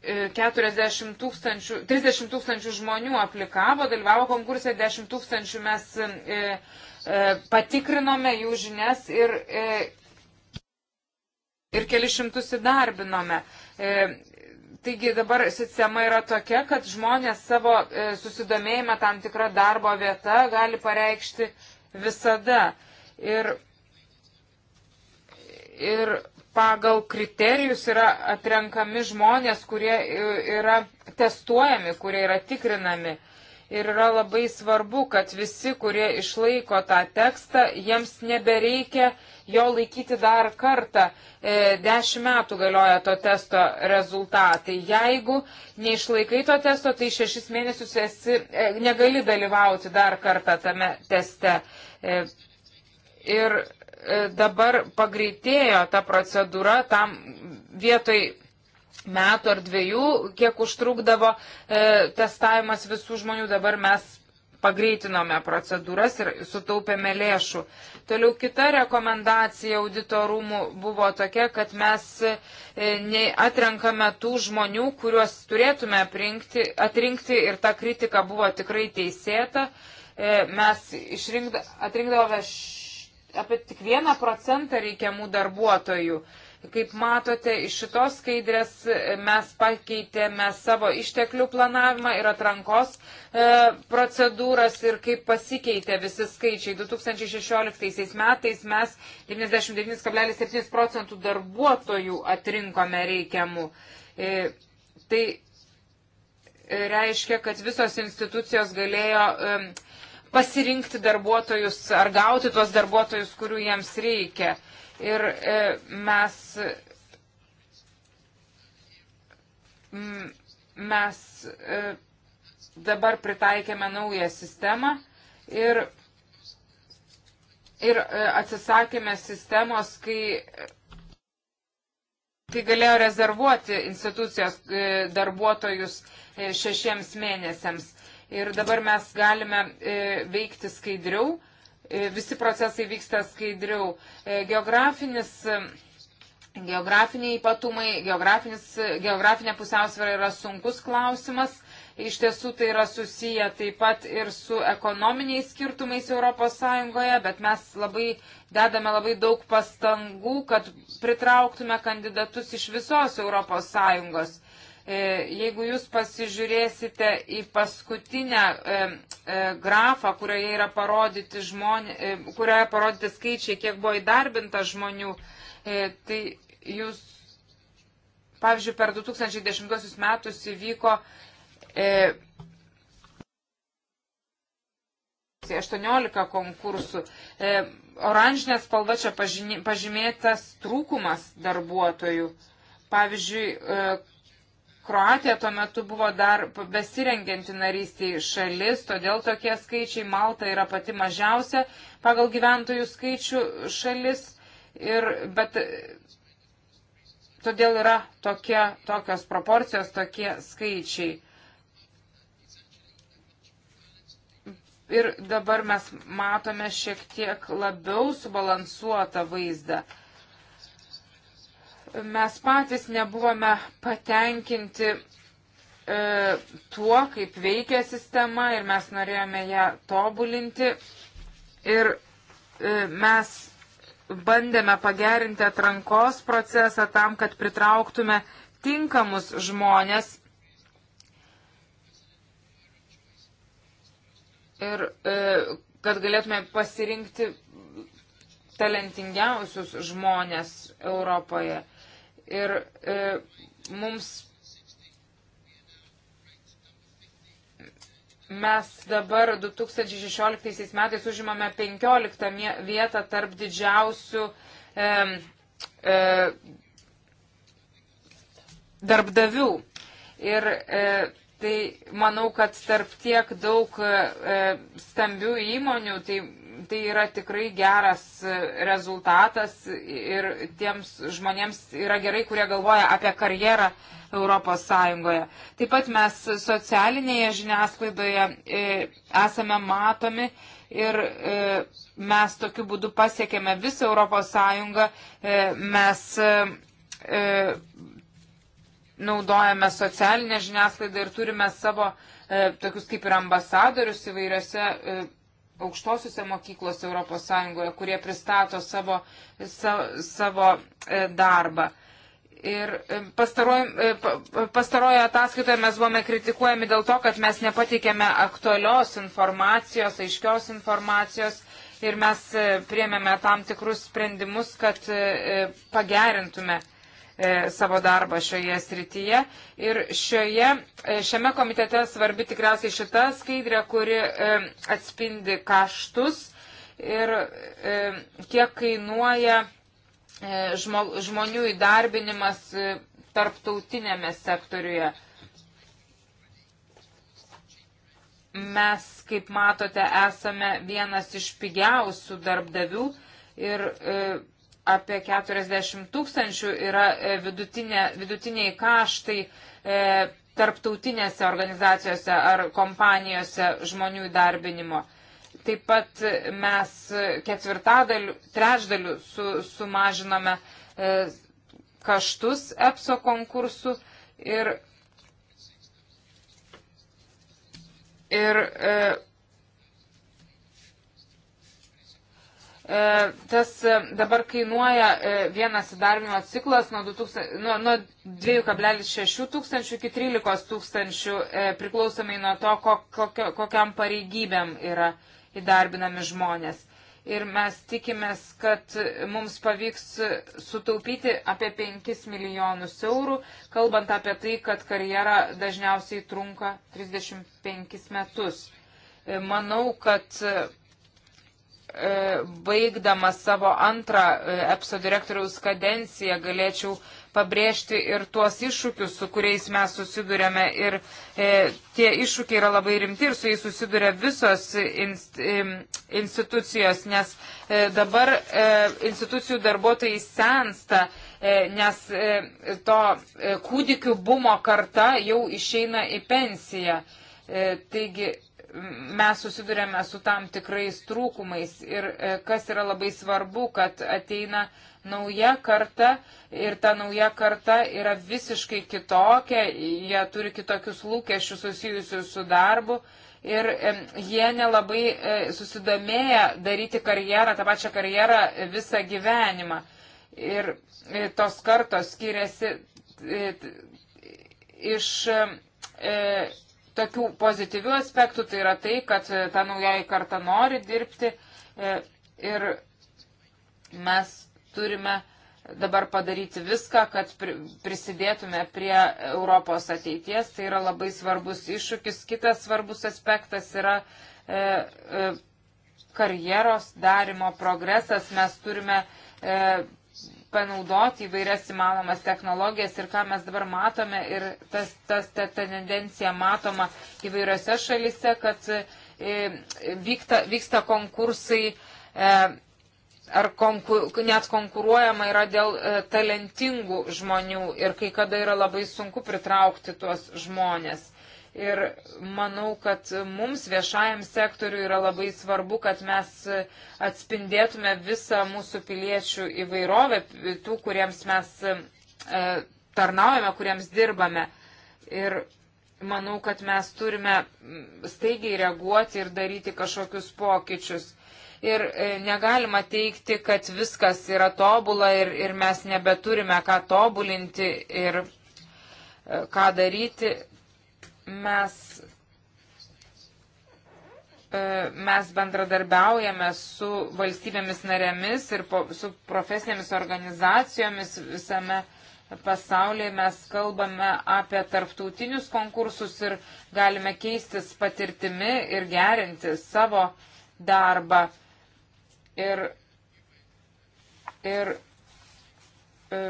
40 e, tūkstančių, 30 tūkstančių žmonių aplikavo, dalyvavo konkursė, 10 tūkstančių mes e, e, patikrinome jų žinias ir, e, ir keli šimtus įdarbinome. E, taigi dabar sistema yra tokia, kad žmonės savo e, susidomėjimą tam tikrą darbo vietą gali pareikšti visada. Ir, ir pagal kriterijus yra atrenkami žmonės, kurie e, yra testuojami, kurie yra tikrinami. Ir yra labai svarbu, kad visi, kurie išlaiko tą tekstą, jiems nebereikia jo laikyti dar kartą. E, dešimt metų galioja to testo rezultatai. Jeigu neišlaikai to testo, tai šešis mėnesius esi, e, negali dalyvauti dar kartą tame teste. E, ir E, dabar pagreitėjo ta procedūra tam vietoj metų ar dviejų, kiek užtrukdavo e, testavimas visų žmonių, dabar mes pagreitinome procedūras ir sutaupėme lėšų. Toliau kita rekomendacija auditorumų buvo tokia, kad mes e, atrenkame tų žmonių, kuriuos turėtume aprinkti, atrinkti ir ta kritika buvo tikrai teisėta. E, mes atrinkdavome apie tik vieną procentą reikiamų darbuotojų. Kaip matote, iš šitos skaidrės e, mes pakeitėme savo išteklių planavimą ir atrankos e, procedūras ir kaip pasikeitė visi skaičiai. 2016 metais mes 99,7 procentų darbuotojų atrinkome reikiamų. E, tai reiškia, kad visos institucijos galėjo e, pasirinkti darbuotojus ar gauti tuos darbuotojus, kurių jiems reikia. Ir e, mes, m, mes e, dabar pritaikėme naują sistemą ir, ir e, atsisakėme sistemos, kai, kai galėjo rezervuoti institucijos e, darbuotojus e, šešiems mėnesiams ir dabar mes galime e, veikti skaidriau, e, visi procesai vyksta skaidriau. E, geografinis Geografiniai ypatumai, geografinė pusiausvėra yra sunkus klausimas. Iš tiesų tai yra susiję taip pat ir su ekonominiais skirtumais ES, bet mes labai dedame labai daug pastangų, kad pritrauktume kandidatus iš visos ES. E, jeigu jūs pasižiūrėsite į paskutinę e, e, grafą, kurioje yra parodyti, žmonė, kurioje parodyti skaičiai, kiek buvo įdarbinta žmonių, tai jūs, pavyzdžiui, per 2010 metus įvyko 18 konkursų. Oranžinė spalva čia pažymėtas trūkumas darbuotojų. Pavyzdžiui, Kroatija tuo metu buvo dar besirengianti narystiai šalis, todėl tokie skaičiai Malta yra pati mažiausia pagal gyventojų skaičių šalis. Ir, bet todėl yra tokie, tokios proporcijos, tokie skaičiai. Ir dabar mes matome šiek tiek labiau subalansuotą vaizdą mes patys nebuvome patenkinti e, tuo, kaip veikia sistema ir mes norėjome ją tobulinti. Ir e, mes bandėme pagerinti atrankos procesą tam, kad pritrauktume tinkamus žmonės. Ir e, kad galėtume pasirinkti talentingiausius žmonės Europoje. Ir e, mums. Mes dabar 2016 metais užimame 15 vietą tarp didžiausių e, e, darbdavių. Ir e, Tai manau, kad tarp tiek daug e, stambių įmonių tai, tai yra tikrai geras e, rezultatas ir tiems žmonėms yra gerai, kurie galvoja apie karjerą Europos Sąjungoje. Taip pat mes socialinėje žiniasklaidoje e, esame matomi ir e, mes tokiu būdu pasiekėme visą Europos Sąjungą. E, mes, e, naudojame socialinę žiniasklaidą ir turime savo e, tokius kaip ir ambasadorius įvairiose e, aukštosiuose mokyklose Europos Sąjungoje, kurie pristato savo, sa, savo e, darbą. Ir e, e, pastarojo ataskaitoje mes buvome kritikuojami dėl to, kad mes nepateikėme aktualios informacijos, aiškios informacijos ir mes e, priemėme tam tikrus sprendimus, kad pagerintume E, savo darbą šioje srityje. Ir šioje, e, šiame komitete svarbi tikriausiai šita skaidrė, kuri e, atspindi kaštus ir kiek kainuoja žmonių įdarbinimas tarptautinėme sektoriuje. Mes, kaip matote, esame vienas iš pigiausių darbdavių ir apie 40 tūkstančių yra e, vidutinė, vidutiniai kaštai e, tarptautinėse organizacijose ar kompanijose žmonių įdarbinimo. Taip pat mes ketvirtadaliu, trečdaliu su, sumažinome e, kaštus EPSO konkursų ir, ir e, E, tas e, dabar kainuoja e, vienas įdarbinimo ciklas nuo, 2000, nuo, nuo 2,6 tūkstančių iki 13 tūkstančių, priklausomai nuo to, kokio, kokiam pareigybėm yra įdarbinami žmonės. Ir mes tikimės, kad mums pavyks sutaupyti apie 5 milijonus eurų, kalbant apie tai, kad karjera dažniausiai trunka 35 metus. Manau, kad E, baigdamas savo antrą e, EPSO direktoriaus kadenciją galėčiau pabrėžti ir tuos iššūkius, su kuriais mes susidurėme. Ir e, tie iššūkiai yra labai rimti ir su jais susiduria visos inst, e, institucijos, nes e, dabar e, institucijų darbuotojai sensta, e, nes e, to e, kūdikių bumo karta jau išeina į pensiją. E, taigi, mes susidurėme su tam tikrais trūkumais ir e, kas yra labai svarbu, kad ateina nauja karta ir ta nauja karta yra visiškai kitokia, jie turi kitokius lūkesčius susijusius su darbu ir e, jie nelabai e, susidomėję daryti karjerą, tą pačią karjerą visą gyvenimą. Ir tos kartos skiriasi iš. E, tokių pozityvių aspektų, tai yra tai, kad e, ta naujoji karta nori dirbti e, ir mes turime dabar padaryti viską, kad prisidėtume prie Europos ateities. Tai yra labai svarbus iššūkis. Kitas svarbus aspektas yra e, karjeros darimo progresas. Mes turime panaudoti įvairias įmanomas technologijas ir ką mes dabar matome ir tas, tas, ta, ta tendencija matoma įvairiose šalise, kad e, vyksta, vyksta konkursai e, ar konkur, net konkuruojama yra dėl e, talentingų žmonių ir kai kada yra labai sunku pritraukti tuos žmonės. Ir manau, kad mums viešajam sektoriu yra labai svarbu, kad mes atspindėtume visą mūsų piliečių įvairovę, tų, kuriems mes e, tarnaujame, kuriems dirbame. Ir manau, kad mes turime mm, staigiai reaguoti ir daryti kažkokius pokyčius ir e, negalima teikti, kad viskas yra tobula ir, ir mes nebeturime ką tobulinti ir e, ką daryti. Mes, e, mes bendradarbiaujame su valstybėmis narėmis ir po, su profesinėmis organizacijomis visame pasaulyje. Mes kalbame apie tarptautinius konkursus ir galime keistis patirtimi ir gerinti savo darbą. Ir, ir, ir e,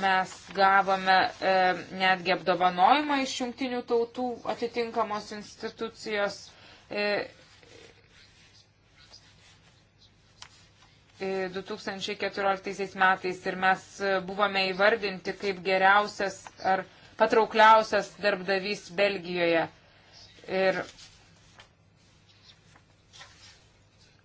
Mes gavome e, netgi apdovanojimą iš jungtinių tautų atitinkamos institucijos. E, 2014 e, metais ir mes e, buvome įvardinti kaip geriausias ar patraukliausias darbdavys Belgijoje. Ir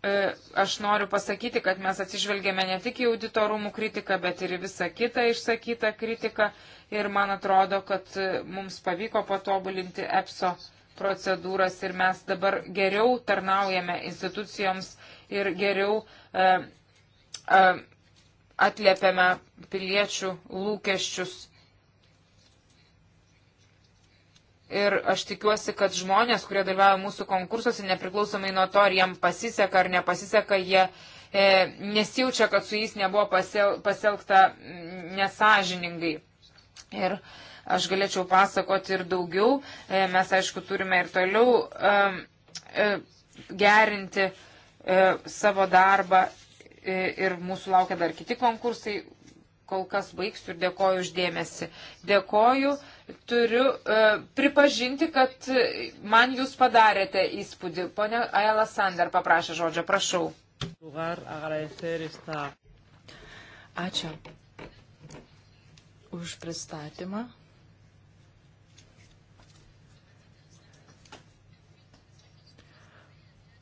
E, aš noriu pasakyti, kad mes atsižvelgėme ne tik į auditorumų kritiką, bet ir į visą kitą išsakytą kritiką. Ir man atrodo, kad e, mums pavyko patobulinti EPSO procedūras ir mes dabar geriau tarnaujame institucijoms ir geriau e, e, atliepiame piliečių lūkesčius Ir aš tikiuosi, kad žmonės, kurie dalyvauja mūsų konkursuose, nepriklausomai nuo to, ar jam pasiseka ar nepasiseka, jie e, nesijaučia, kad su jais nebuvo pasiel, pasielgta nesažiningai. Ir aš galėčiau pasakoti ir daugiau. E, mes, aišku, turime ir toliau e, e, gerinti e, savo darbą e, ir mūsų laukia dar kiti konkursai. Kol kas baigsiu ir dėkoju uždėmesi. Dėkoju turiu e, pripažinti, kad man jūs padarėte įspūdį. Pone Aela Sander paprašė žodžio, prašau. Ačiū už pristatymą.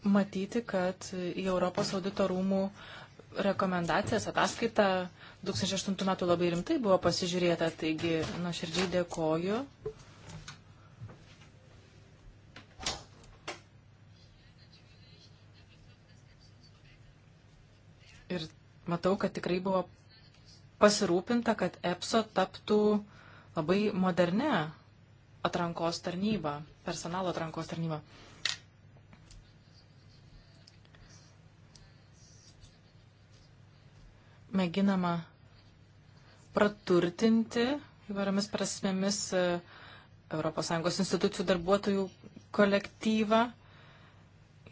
Matyti, kad į Europos audito rūmų rekomendacijas ataskaitą uh, 2008 metų labai rimtai buvo pasižiūrėta, taigi nuoširdžiai dėkoju. Ir matau, kad tikrai buvo pasirūpinta, kad EPSO taptų labai modernę atrankos tarnybą, personalo atrankos tarnybą. mėginama praturtinti įvairiomis prasmėmis ES institucijų darbuotojų kolektyvą.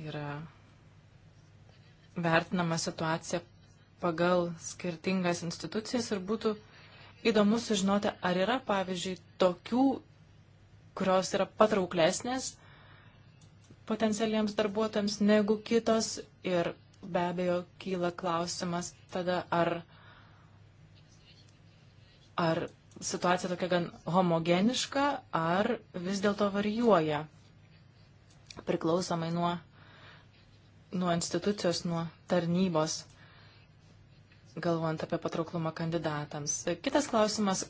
Yra vertinama situacija pagal skirtingas institucijas ir būtų įdomu sužinoti, ar yra, pavyzdžiui, tokių, kurios yra patrauklesnės potencialiems darbuotojams negu kitos ir be abejo kyla klausimas tada, ar Ar situacija tokia gan homogeniška, ar vis dėlto varijuoja priklausomai nuo, nuo institucijos, nuo tarnybos, galvojant apie patrauklumą kandidatams. Kitas klausimas,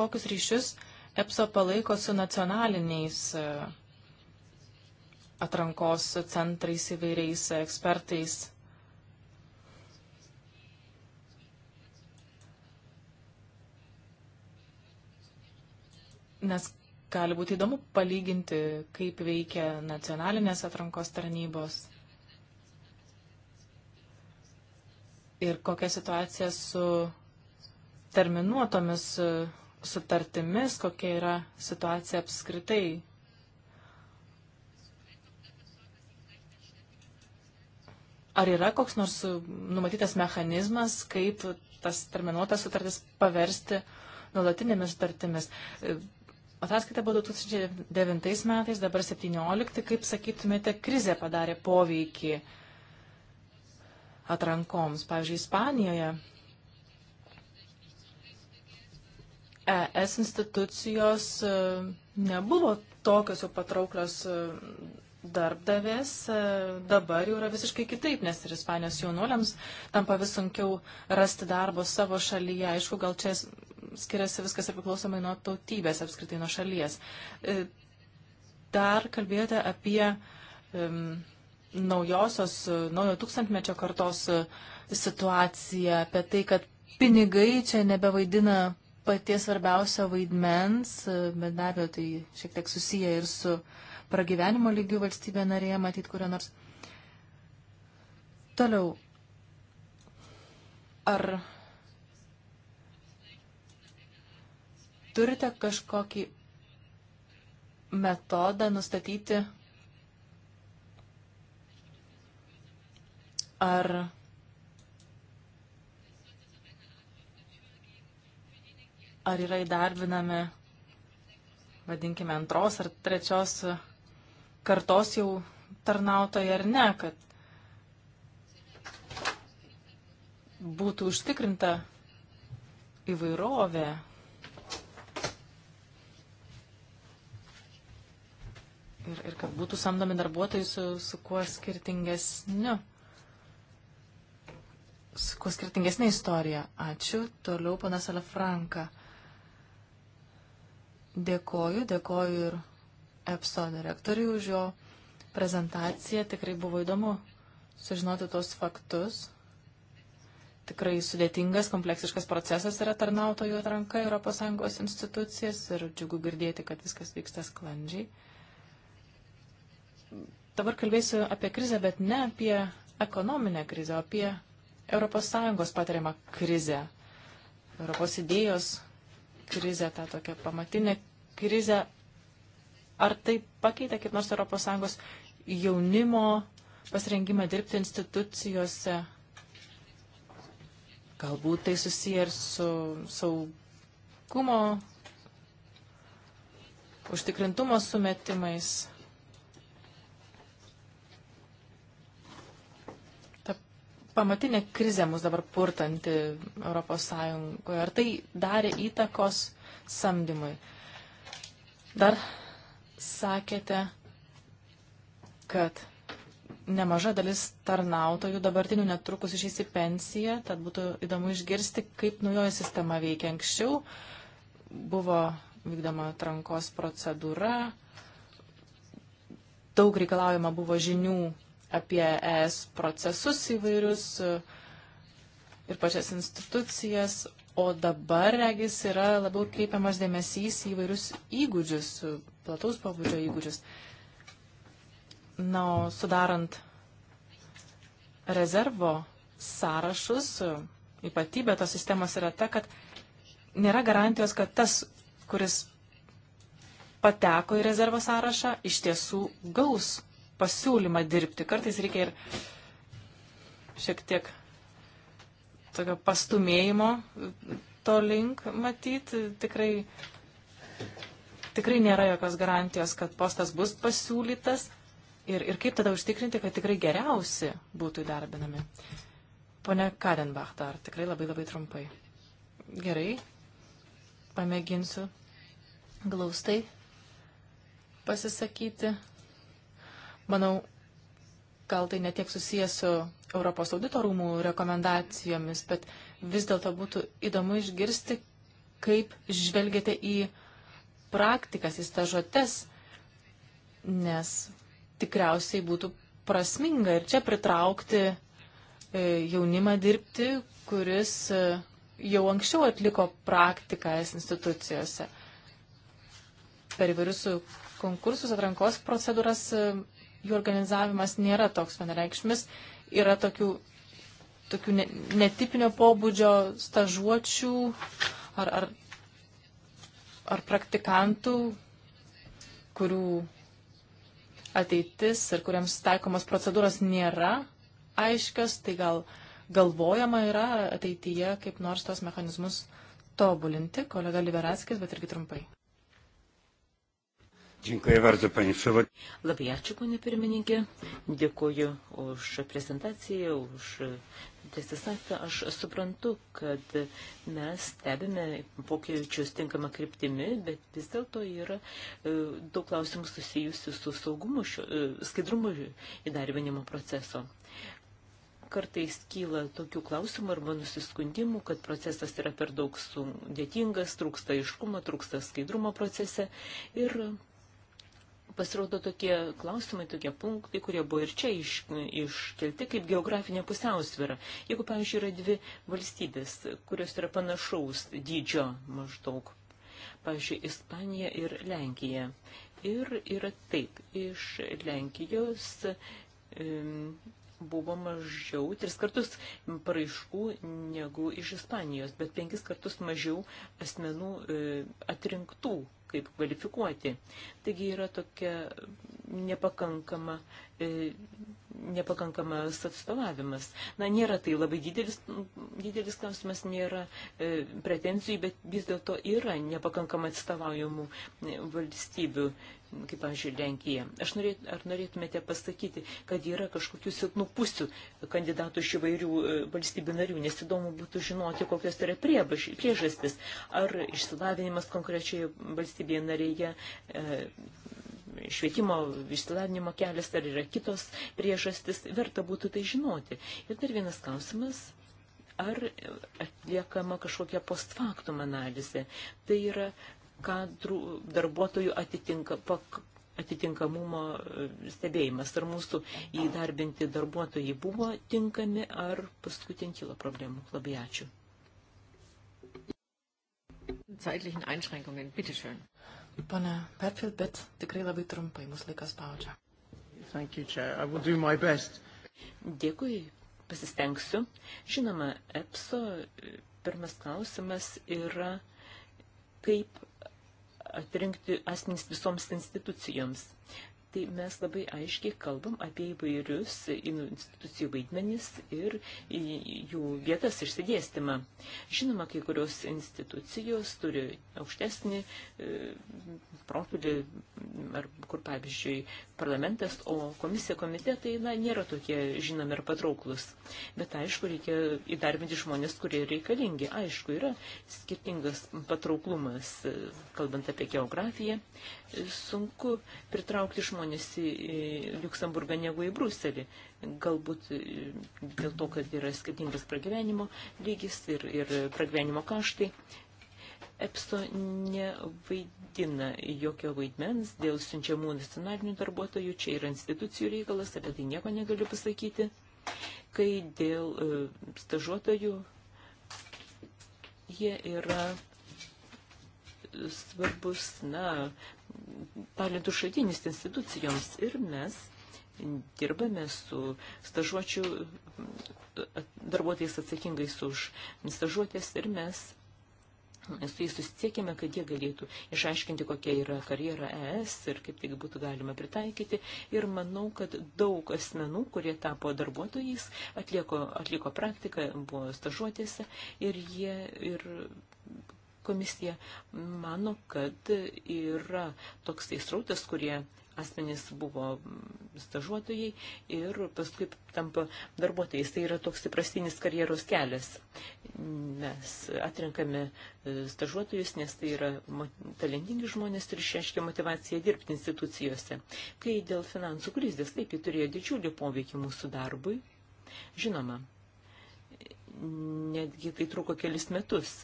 kokius ryšius EPSO palaiko su nacionaliniais e, atrankos centrais įvairiais e, ekspertais nes gali būti įdomu palyginti, kaip veikia nacionalinės atrankos tarnybos ir kokia situacija su terminuotomis sutartimis, kokia yra situacija apskritai. Ar yra koks nors numatytas mechanizmas, kaip tas terminuotas sutartis paversti nuolatinėmis sutartimis? Ataskaita buvo 2009 metais, dabar 17. Kaip sakytumėte, krizė padarė poveikį atrankoms? Pavyzdžiui, Ispanijoje ES institucijos e, nebuvo tokios jau patrauklios e, darbdavės, e, dabar jau yra visiškai kitaip, nes ir Ispanijos jaunuoliams tampa vis sunkiau rasti darbo savo šalyje. Aišku, gal čia skiriasi viskas ir priklausomai nuo tautybės, apskritai nuo šalies. E, dar kalbėjote apie um, naujosios, e, naujo tūkstantmečio kartos e, situaciją, apie tai, kad pinigai čia nebevaidina paties svarbiausio vaidmens, bet be abejo tai šiek tiek susiję ir su pragyvenimo lygių valstybė narėje, matyt, kurio nors. Toliau. Ar turite kažkokį metodą nustatyti, ar ar yra įdarbinami, vadinkime, antros ar trečios kartos jau tarnautojai ar ne, kad būtų užtikrinta įvairovė ir, ir kad būtų samdomi darbuotojai su, su kuo skirtingesniu. Su kuo skirtingesnė istorija. Ačiū. Toliau panas Alafranka. Dėkoju, dėkoju ir EPSO direktoriui už jo prezentaciją. Tikrai buvo įdomu sužinoti tos faktus. Tikrai sudėtingas, kompleksiškas procesas yra tarnautojų atranka Europos Sąjungos institucijas ir džiugu girdėti, kad viskas vyksta sklandžiai dabar kalbėsiu apie krizę, bet ne apie ekonominę krizę, o apie ES patiriamą krizę. Europos idėjos krizę, tą tokią pamatinę krizę. Ar tai pakeitė kaip nors ES jaunimo pasirengimą dirbti institucijose? Galbūt tai susiję ir su saugumo, užtikrintumo sumetimais pamatinė krizė mus dabar purtanti Europos Sąjungoje. Ar tai darė įtakos samdymui? Dar sakėte, kad nemaža dalis tarnautojų dabartinių netrukus išeis į pensiją, tad būtų įdomu išgirsti, kaip naujoji sistema veikia. Anksčiau buvo vykdoma atrankos procedūra, daug reikalaujama buvo žinių apie ES procesus įvairius e, ir pačias institucijas, o dabar, regis, yra labiau kreipiamas dėmesys į įvairius įgūdžius, plataus pabudžio įgūdžius. Na, o sudarant rezervo sąrašus, ypatybė tos sistemos yra ta, kad nėra garantijos, kad tas, kuris pateko į rezervo sąrašą, iš tiesų gaus pasiūlymą dirbti. Kartais reikia ir šiek tiek tokio pastumėjimo to link matyti. Tikrai, tikrai nėra jokios garantijos, kad postas bus pasiūlytas. Ir, ir kaip tada užtikrinti, kad tikrai geriausi būtų įdarbinami. Pone Kadenbach dar tikrai labai labai trumpai. Gerai, pamėginsiu glaustai pasisakyti. Manau, gal tai netiek susijęs su Europos audito rūmų rekomendacijomis, bet vis dėlto būtų įdomu išgirsti, kaip žvelgiate į praktikas, į stažuotes, nes tikriausiai būtų prasminga ir čia pritraukti e, jaunimą dirbti, kuris e, jau anksčiau atliko praktiką institucijose. Per įvairius konkursus atrankos procedūras e, jų organizavimas nėra toks vienareikšmis. Yra tokių, tokių netipinio pobūdžio stažuočių ar, ar, ar praktikantų, kurių ateitis ir kuriems taikomos procedūros nėra aiškios, tai gal galvojama yra ateityje kaip nors tos mechanizmus tobulinti, kolega Liberatskis, bet irgi trumpai. Labai ačiū, ponė pirmininkė. Dėkuoju už prezentaciją, už tiesą sakant, aš suprantu, kad mes stebime pokyčius tinkamą kryptimį, bet vis dėlto yra e, daug klausimų susijusių su saugumu, šio, e, skaidrumu įdarbinimo proceso. Kartais kyla tokių klausimų arba nusiskundimų, kad procesas yra per daug sudėtingas, trūksta aiškumo, trūksta skaidrumo procese ir pasirodo tokie klausimai, tokie punktai, kurie buvo ir čia iš, iškelti kaip geografinė pusiausvėra. Jeigu, pavyzdžiui, yra dvi valstybės, kurios yra panašaus dydžio maždaug, pavyzdžiui, Ispanija ir Lenkija. Ir yra taip, iš Lenkijos um, buvo mažiau, tris kartus paraiškų negu iš Ispanijos, bet penkis kartus mažiau asmenų e, atrinktų kaip kvalifikuoti. Taigi yra tokia nepakankama e, nepakankamas atstovavimas. Na, nėra tai labai didelis, didelis klausimas, nėra e, pretenzijų, bet vis dėlto yra nepakankamai atstovaujamų valstybių, kaip, pavyzdžiui, Lenkija. Aš norėt, ar norėtumėte pasakyti, kad yra kažkokių silpnų pusių kandidatų iš įvairių e, valstybių narių, nes įdomu būtų žinoti, kokios yra priežastis, ar išsilavinimas konkrečioje valstybėje narėje. E, švietimo, išsilavinimo kelias, ar yra kitos priežastis, verta būtų tai žinoti. Ir dar vienas klausimas, ar atliekama kažkokia post factum analizė. Tai yra kadrų darbuotojų atitinka, pak, atitinkamumo e, stebėjimas. Ar mūsų įdarbinti darbuotojai buvo tinkami, ar paskutinį kilo problemų. Labai ačiū. Pone Petfield, bet tikrai labai trumpai, mūsų laikas spaudžia. Dėkui, pasistengsiu. Žinoma, EPSO e, pirmas klausimas yra, kaip atrinkti asmenys visoms institucijoms tai mes labai aiškiai kalbam apie įvairius institucijų vaidmenis ir jų vietas išsidėstimą. Žinoma, kai kurios institucijos turi aukštesnį e, profilį, ar kur pavyzdžiui parlamentas, o komisija komitetai na, nėra tokie žinomi ir patrauklus. Bet aišku, reikia įdarbinti žmonės, kurie reikalingi. Aišku, yra skirtingas patrauklumas, e, kalbant apie geografiją sunku pritraukti žmonės į Luksemburgą negu į Bruselį. Galbūt e, dėl to, kad yra skirtingas pragyvenimo lygis ir, ir pragyvenimo kaštai. EPSO nevaidina jokio vaidmens dėl siunčiamų nacionalinių darbuotojų, čia yra institucijų reikalas, apie tai nieko negaliu pasakyti. Kai dėl e, stažuotojų jie yra svarbus, na, talentų šaltinis institucijoms ir mes dirbame su stažuočių darbuotojais atsakingais už stažuotės ir mes su jais susisiekėme, kad jie galėtų išaiškinti, kokia yra karjera ES ir kaip tik būtų galima pritaikyti. Ir manau, kad daug asmenų, kurie tapo darbuotojais, atlieko, atliko praktiką, buvo stažuotėse ir jie ir Komisija mano, kad yra toks įsrautas, kurie asmenys buvo stažuotojai ir paskui tampa darbuotojais. Tai yra toks įprastinis karjeros kelias. Mes atrenkame e, stažuotojus, nes tai yra talentingi žmonės ir išreiškia motivaciją dirbti institucijose. Kai dėl finansų krizės, taip, ji turėjo didžiulį poveikį mūsų darbui. Žinoma, netgi tai truko kelis metus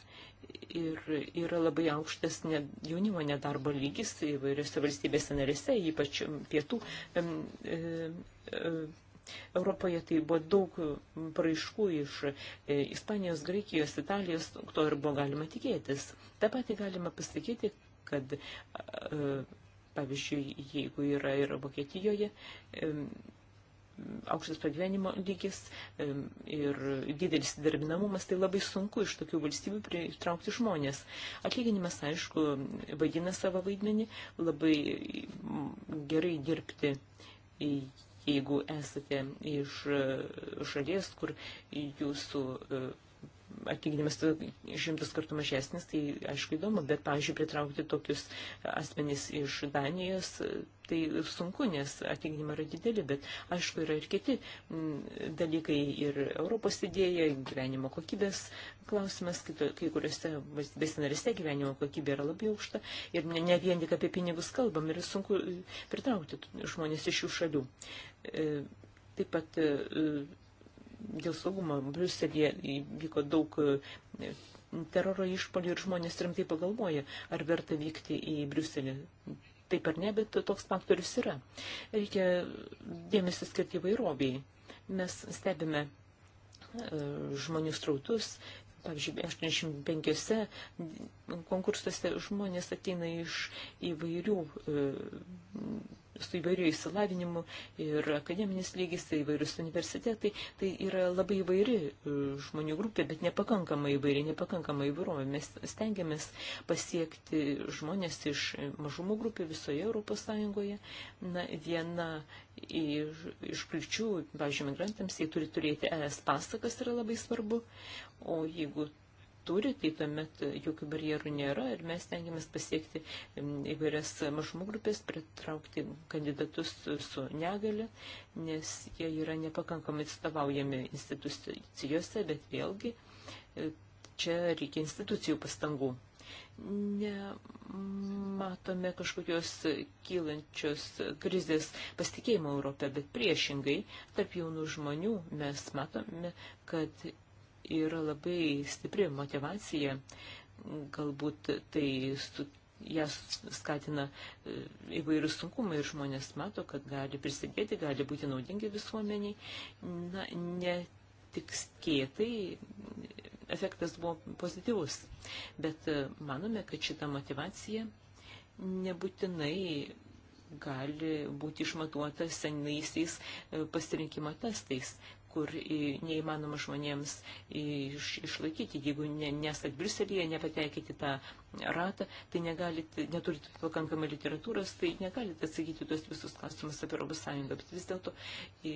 ir yra labai aukštas ne, jaunimo nedarbo lygis įvairiose valstybėse narėse, ypač pietų. E, e, Europoje tai buvo daug praaiškų iš e, Ispanijos, Graikijos, Italijos, to ir buvo galima tikėtis. Ta pati galima pasakyti, kad, e, pavyzdžiui, jeigu yra ir Vokietijoje, aukštas pragyvenimo lygis ir didelis darbinamumas, tai labai sunku iš tokių valstybių pritraukti žmonės. Atlyginimas, aišku, vaidina savo vaidmenį, labai gerai dirbti jeigu esate iš e, šalies, kur jūsų e, atlyginimas šimtus kartų mažesnis, tai aišku įdomu, bet, pavyzdžiui, pritraukti tokius asmenys iš Danijos, tai sunku, nes atlyginimai yra dideli, bet aišku yra ir kiti mm, dalykai, ir Europos idėja, gyvenimo kokybės klausimas, kai kuriuose valstybės narėse gyvenimo kokybė yra labai aukšta ir ne, ne vien tik apie pinigus kalbam, yra sunku e, pritraukti žmonės iš šių šalių. E, taip pat e, dėl saugumo. Briuselėje vyko daug e, teroro išpolių ir žmonės rimtai pagalvoja, ar verta vykti į Briuselį. Taip ar ne, bet toks faktorius yra. Reikia dėmesį skirti įvairoviai. Mes stebime e, žmonių strautus pavyzdžiui, 85 konkursuose žmonės ateina iš įvairių e, su įvairiu įsilavinimu ir akademinis lygis, tai įvairius universitetai, tai yra labai įvairi e, žmonių grupė, bet nepakankamai įvairi, nepakankamai įvairovė. Mes stengiamės pasiekti žmonės iš mažumų grupių visoje Europos Sąjungoje. Na, viena iš kliučių, pavyzdžiui, migrantams, jie turi turėti ES pasakas, yra labai svarbu, o jeigu turi, tai tuomet jokių barjerų nėra ir mes tengiamės pasiekti įvairias mažumų grupės, pritraukti kandidatus su negale, nes jie yra nepakankamai atstovaujami institucijose, bet vėlgi e, čia reikia institucijų pastangų. Nematome kažkokios kylančios krizės pasitikėjimo Europę, bet priešingai tarp jaunų žmonių mes matome, kad yra labai stipri motivacija, galbūt tai su, jas skatina e, įvairius sunkumai ir žmonės mato, kad gali prisidėti, gali būti naudingi visuomeniai. Na, ne tik skėtai efektas buvo pozityvus, bet e, manome, kad šita motivacija nebūtinai gali būti išmatuota senaisiais e, pasirinkimo testais kur neįmanoma žmonėms iš, išlaikyti. Jeigu ne, nesat Briuselėje, nepatekite tą ratą, tai negalite, neturite pakankamai literatūros, tai negalite atsakyti tuos visus klausimus apie Europos Sąjungą. Bet vis dėlto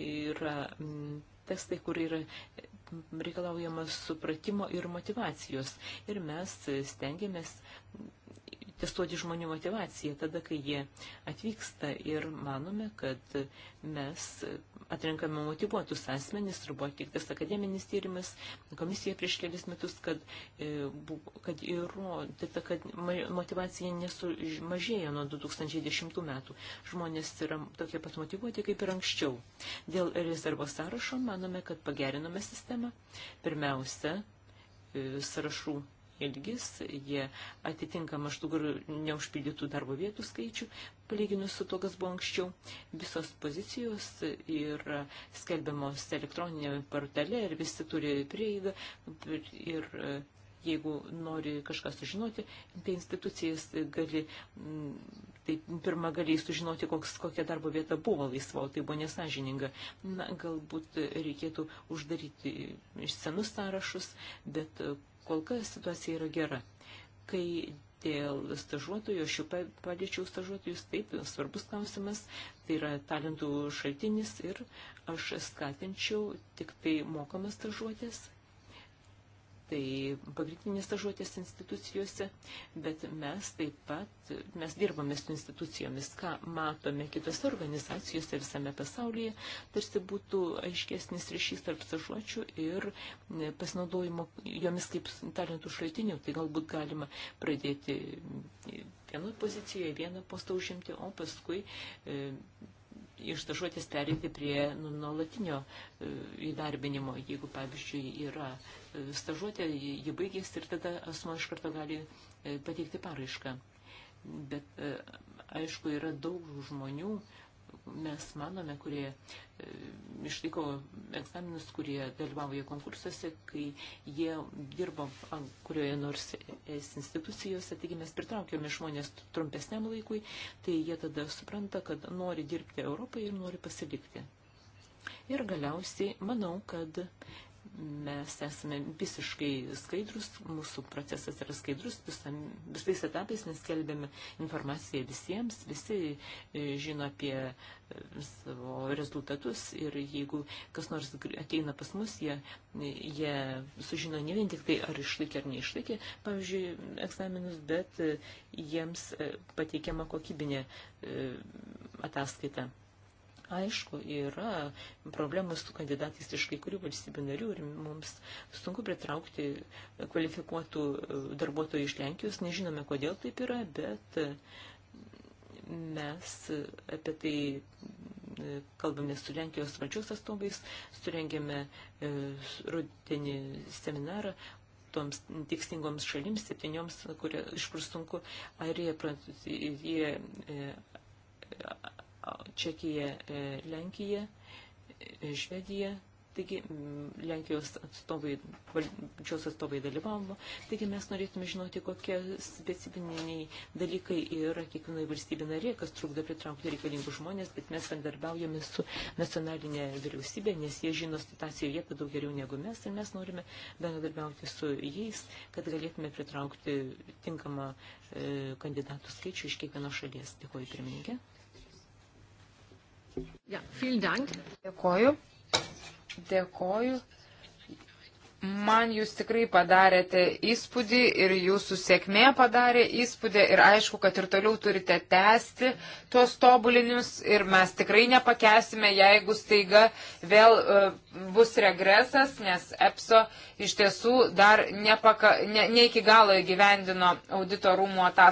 yra m, mm, tekstai, kur yra mm, reikalaujama supratimo ir motivacijos. Ir mes stengiamės testuoti žmonių motivaciją tada, kai jie atvyksta ir manome, kad mes atrenkame motivuotus asmenys ir buvo atliktas akademinis tyrimas komisija prieš kelis metus, kad, e, kad įrodyta, kad motivacija nesumažėjo nuo 2010 metų. Žmonės yra tokie pat motivuoti kaip ir anksčiau. Dėl rezervo sąrašo manome, kad pagerinome sistemą. Pirmiausia, e, sąrašų ilgis, jie atitinka maždaug neužpildytų darbo vietų skaičių, palyginus su to, kas buvo anksčiau. Visos pozicijos yra skelbiamos elektroninėme portale ir visi turi prieigą ir e, jeigu nori kažką sužinoti, tai institucijas gali, mm, tai pirmą gali sužinoti, koks, kokia darbo vieta buvo laisva, o tai buvo nesažininga. Na, galbūt reikėtų uždaryti senus sąrašus, bet e, Kol kas situacija yra gera. Kai dėl stažuotojų, aš jau padėčiau stažuotojus, taip, svarbus klausimas, tai yra talentų šaltinis ir aš skatinčiau tik tai mokamas stažuotės tai pagrindinės stažuotės institucijose, bet mes taip pat, mes dirbame su institucijomis, ką matome kitose organizacijose visame pasaulyje, tarsi būtų aiškesnis ryšys tarp stažuočių ir pasinaudojimo jomis kaip talentų šaltinių, tai galbūt galima pradėti vienoje pozicijoje vieną postą užimti, o paskui e, iš stažuotės pereiti prie nu, nuolatinio e, įdarbinimo. Jeigu, pavyzdžiui, yra e, stažuotė, ji baigėsi ir tada asmo iš karto gali e, pateikti paraišką. Bet aišku, yra daug žmonių, mes manome, kurie e, išlaiko egzaminus, kurie dalyvauja konkursuose, kai jie dirbo kurioje nors es institucijose, taigi mes pritraukėme žmonės trumpesniam laikui, tai jie tada supranta, kad nori dirbti Europoje ir nori pasilikti. Ir galiausiai manau, kad mes esame visiškai skaidrus, mūsų procesas yra skaidrus visam, visais etapais, mes kelbėme informaciją visiems, visi e, žino apie e, savo rezultatus ir jeigu kas nors ateina pas mus, jie, jie sužino ne vien tik tai, ar išlaikė ar neišlaikė, pavyzdžiui, egzaminus, bet e, jiems pateikiama kokybinė ataskaita. Aišku, yra problemų su kandidatais iš kai kurių valstybių narių ir mums sunku pritraukti kvalifikuotų e, darbuotojų iš Lenkijos. Nežinome, kodėl taip yra, bet e, mes apie tai e, kalbame su Lenkijos valdžios atstovais, surengėme rudenį seminarą toms tikslingoms šalims, septynioms, kurie, iš kur sunku, Airija, Prancūzija, Čekija, e, Lenkija, e, Švedija. Taigi Lenkijos atstovai, valdžios atstovai dalyvavo. Taigi mes norėtume žinoti, kokie specifiniai dalykai yra kiekvienoje valstybė narė, kas trukdo pritraukti reikalingus žmonės, bet mes bendarbiaujame su nacionalinė vyriausybė, nes jie žino situaciją vietą daug geriau negu mes ir mes norime bendradarbiauti su jais, kad galėtume pritraukti tinkamą e, kandidatų skaičių iš kiekvienos šalies. Dėkuoju, pirmininkė. Ja, dank. Dėkoju. Dėkoju. Man jūs tikrai padarėte įspūdį ir jūsų sėkmė padarė įspūdį ir aišku, kad ir toliau turite tęsti tuos tobulinius ir mes tikrai nepakesime, jeigu staiga vėl uh, bus regresas, nes EPSO iš tiesų dar nepaka, ne, ne iki galo įgyvendino audito rūmų ataskaitą.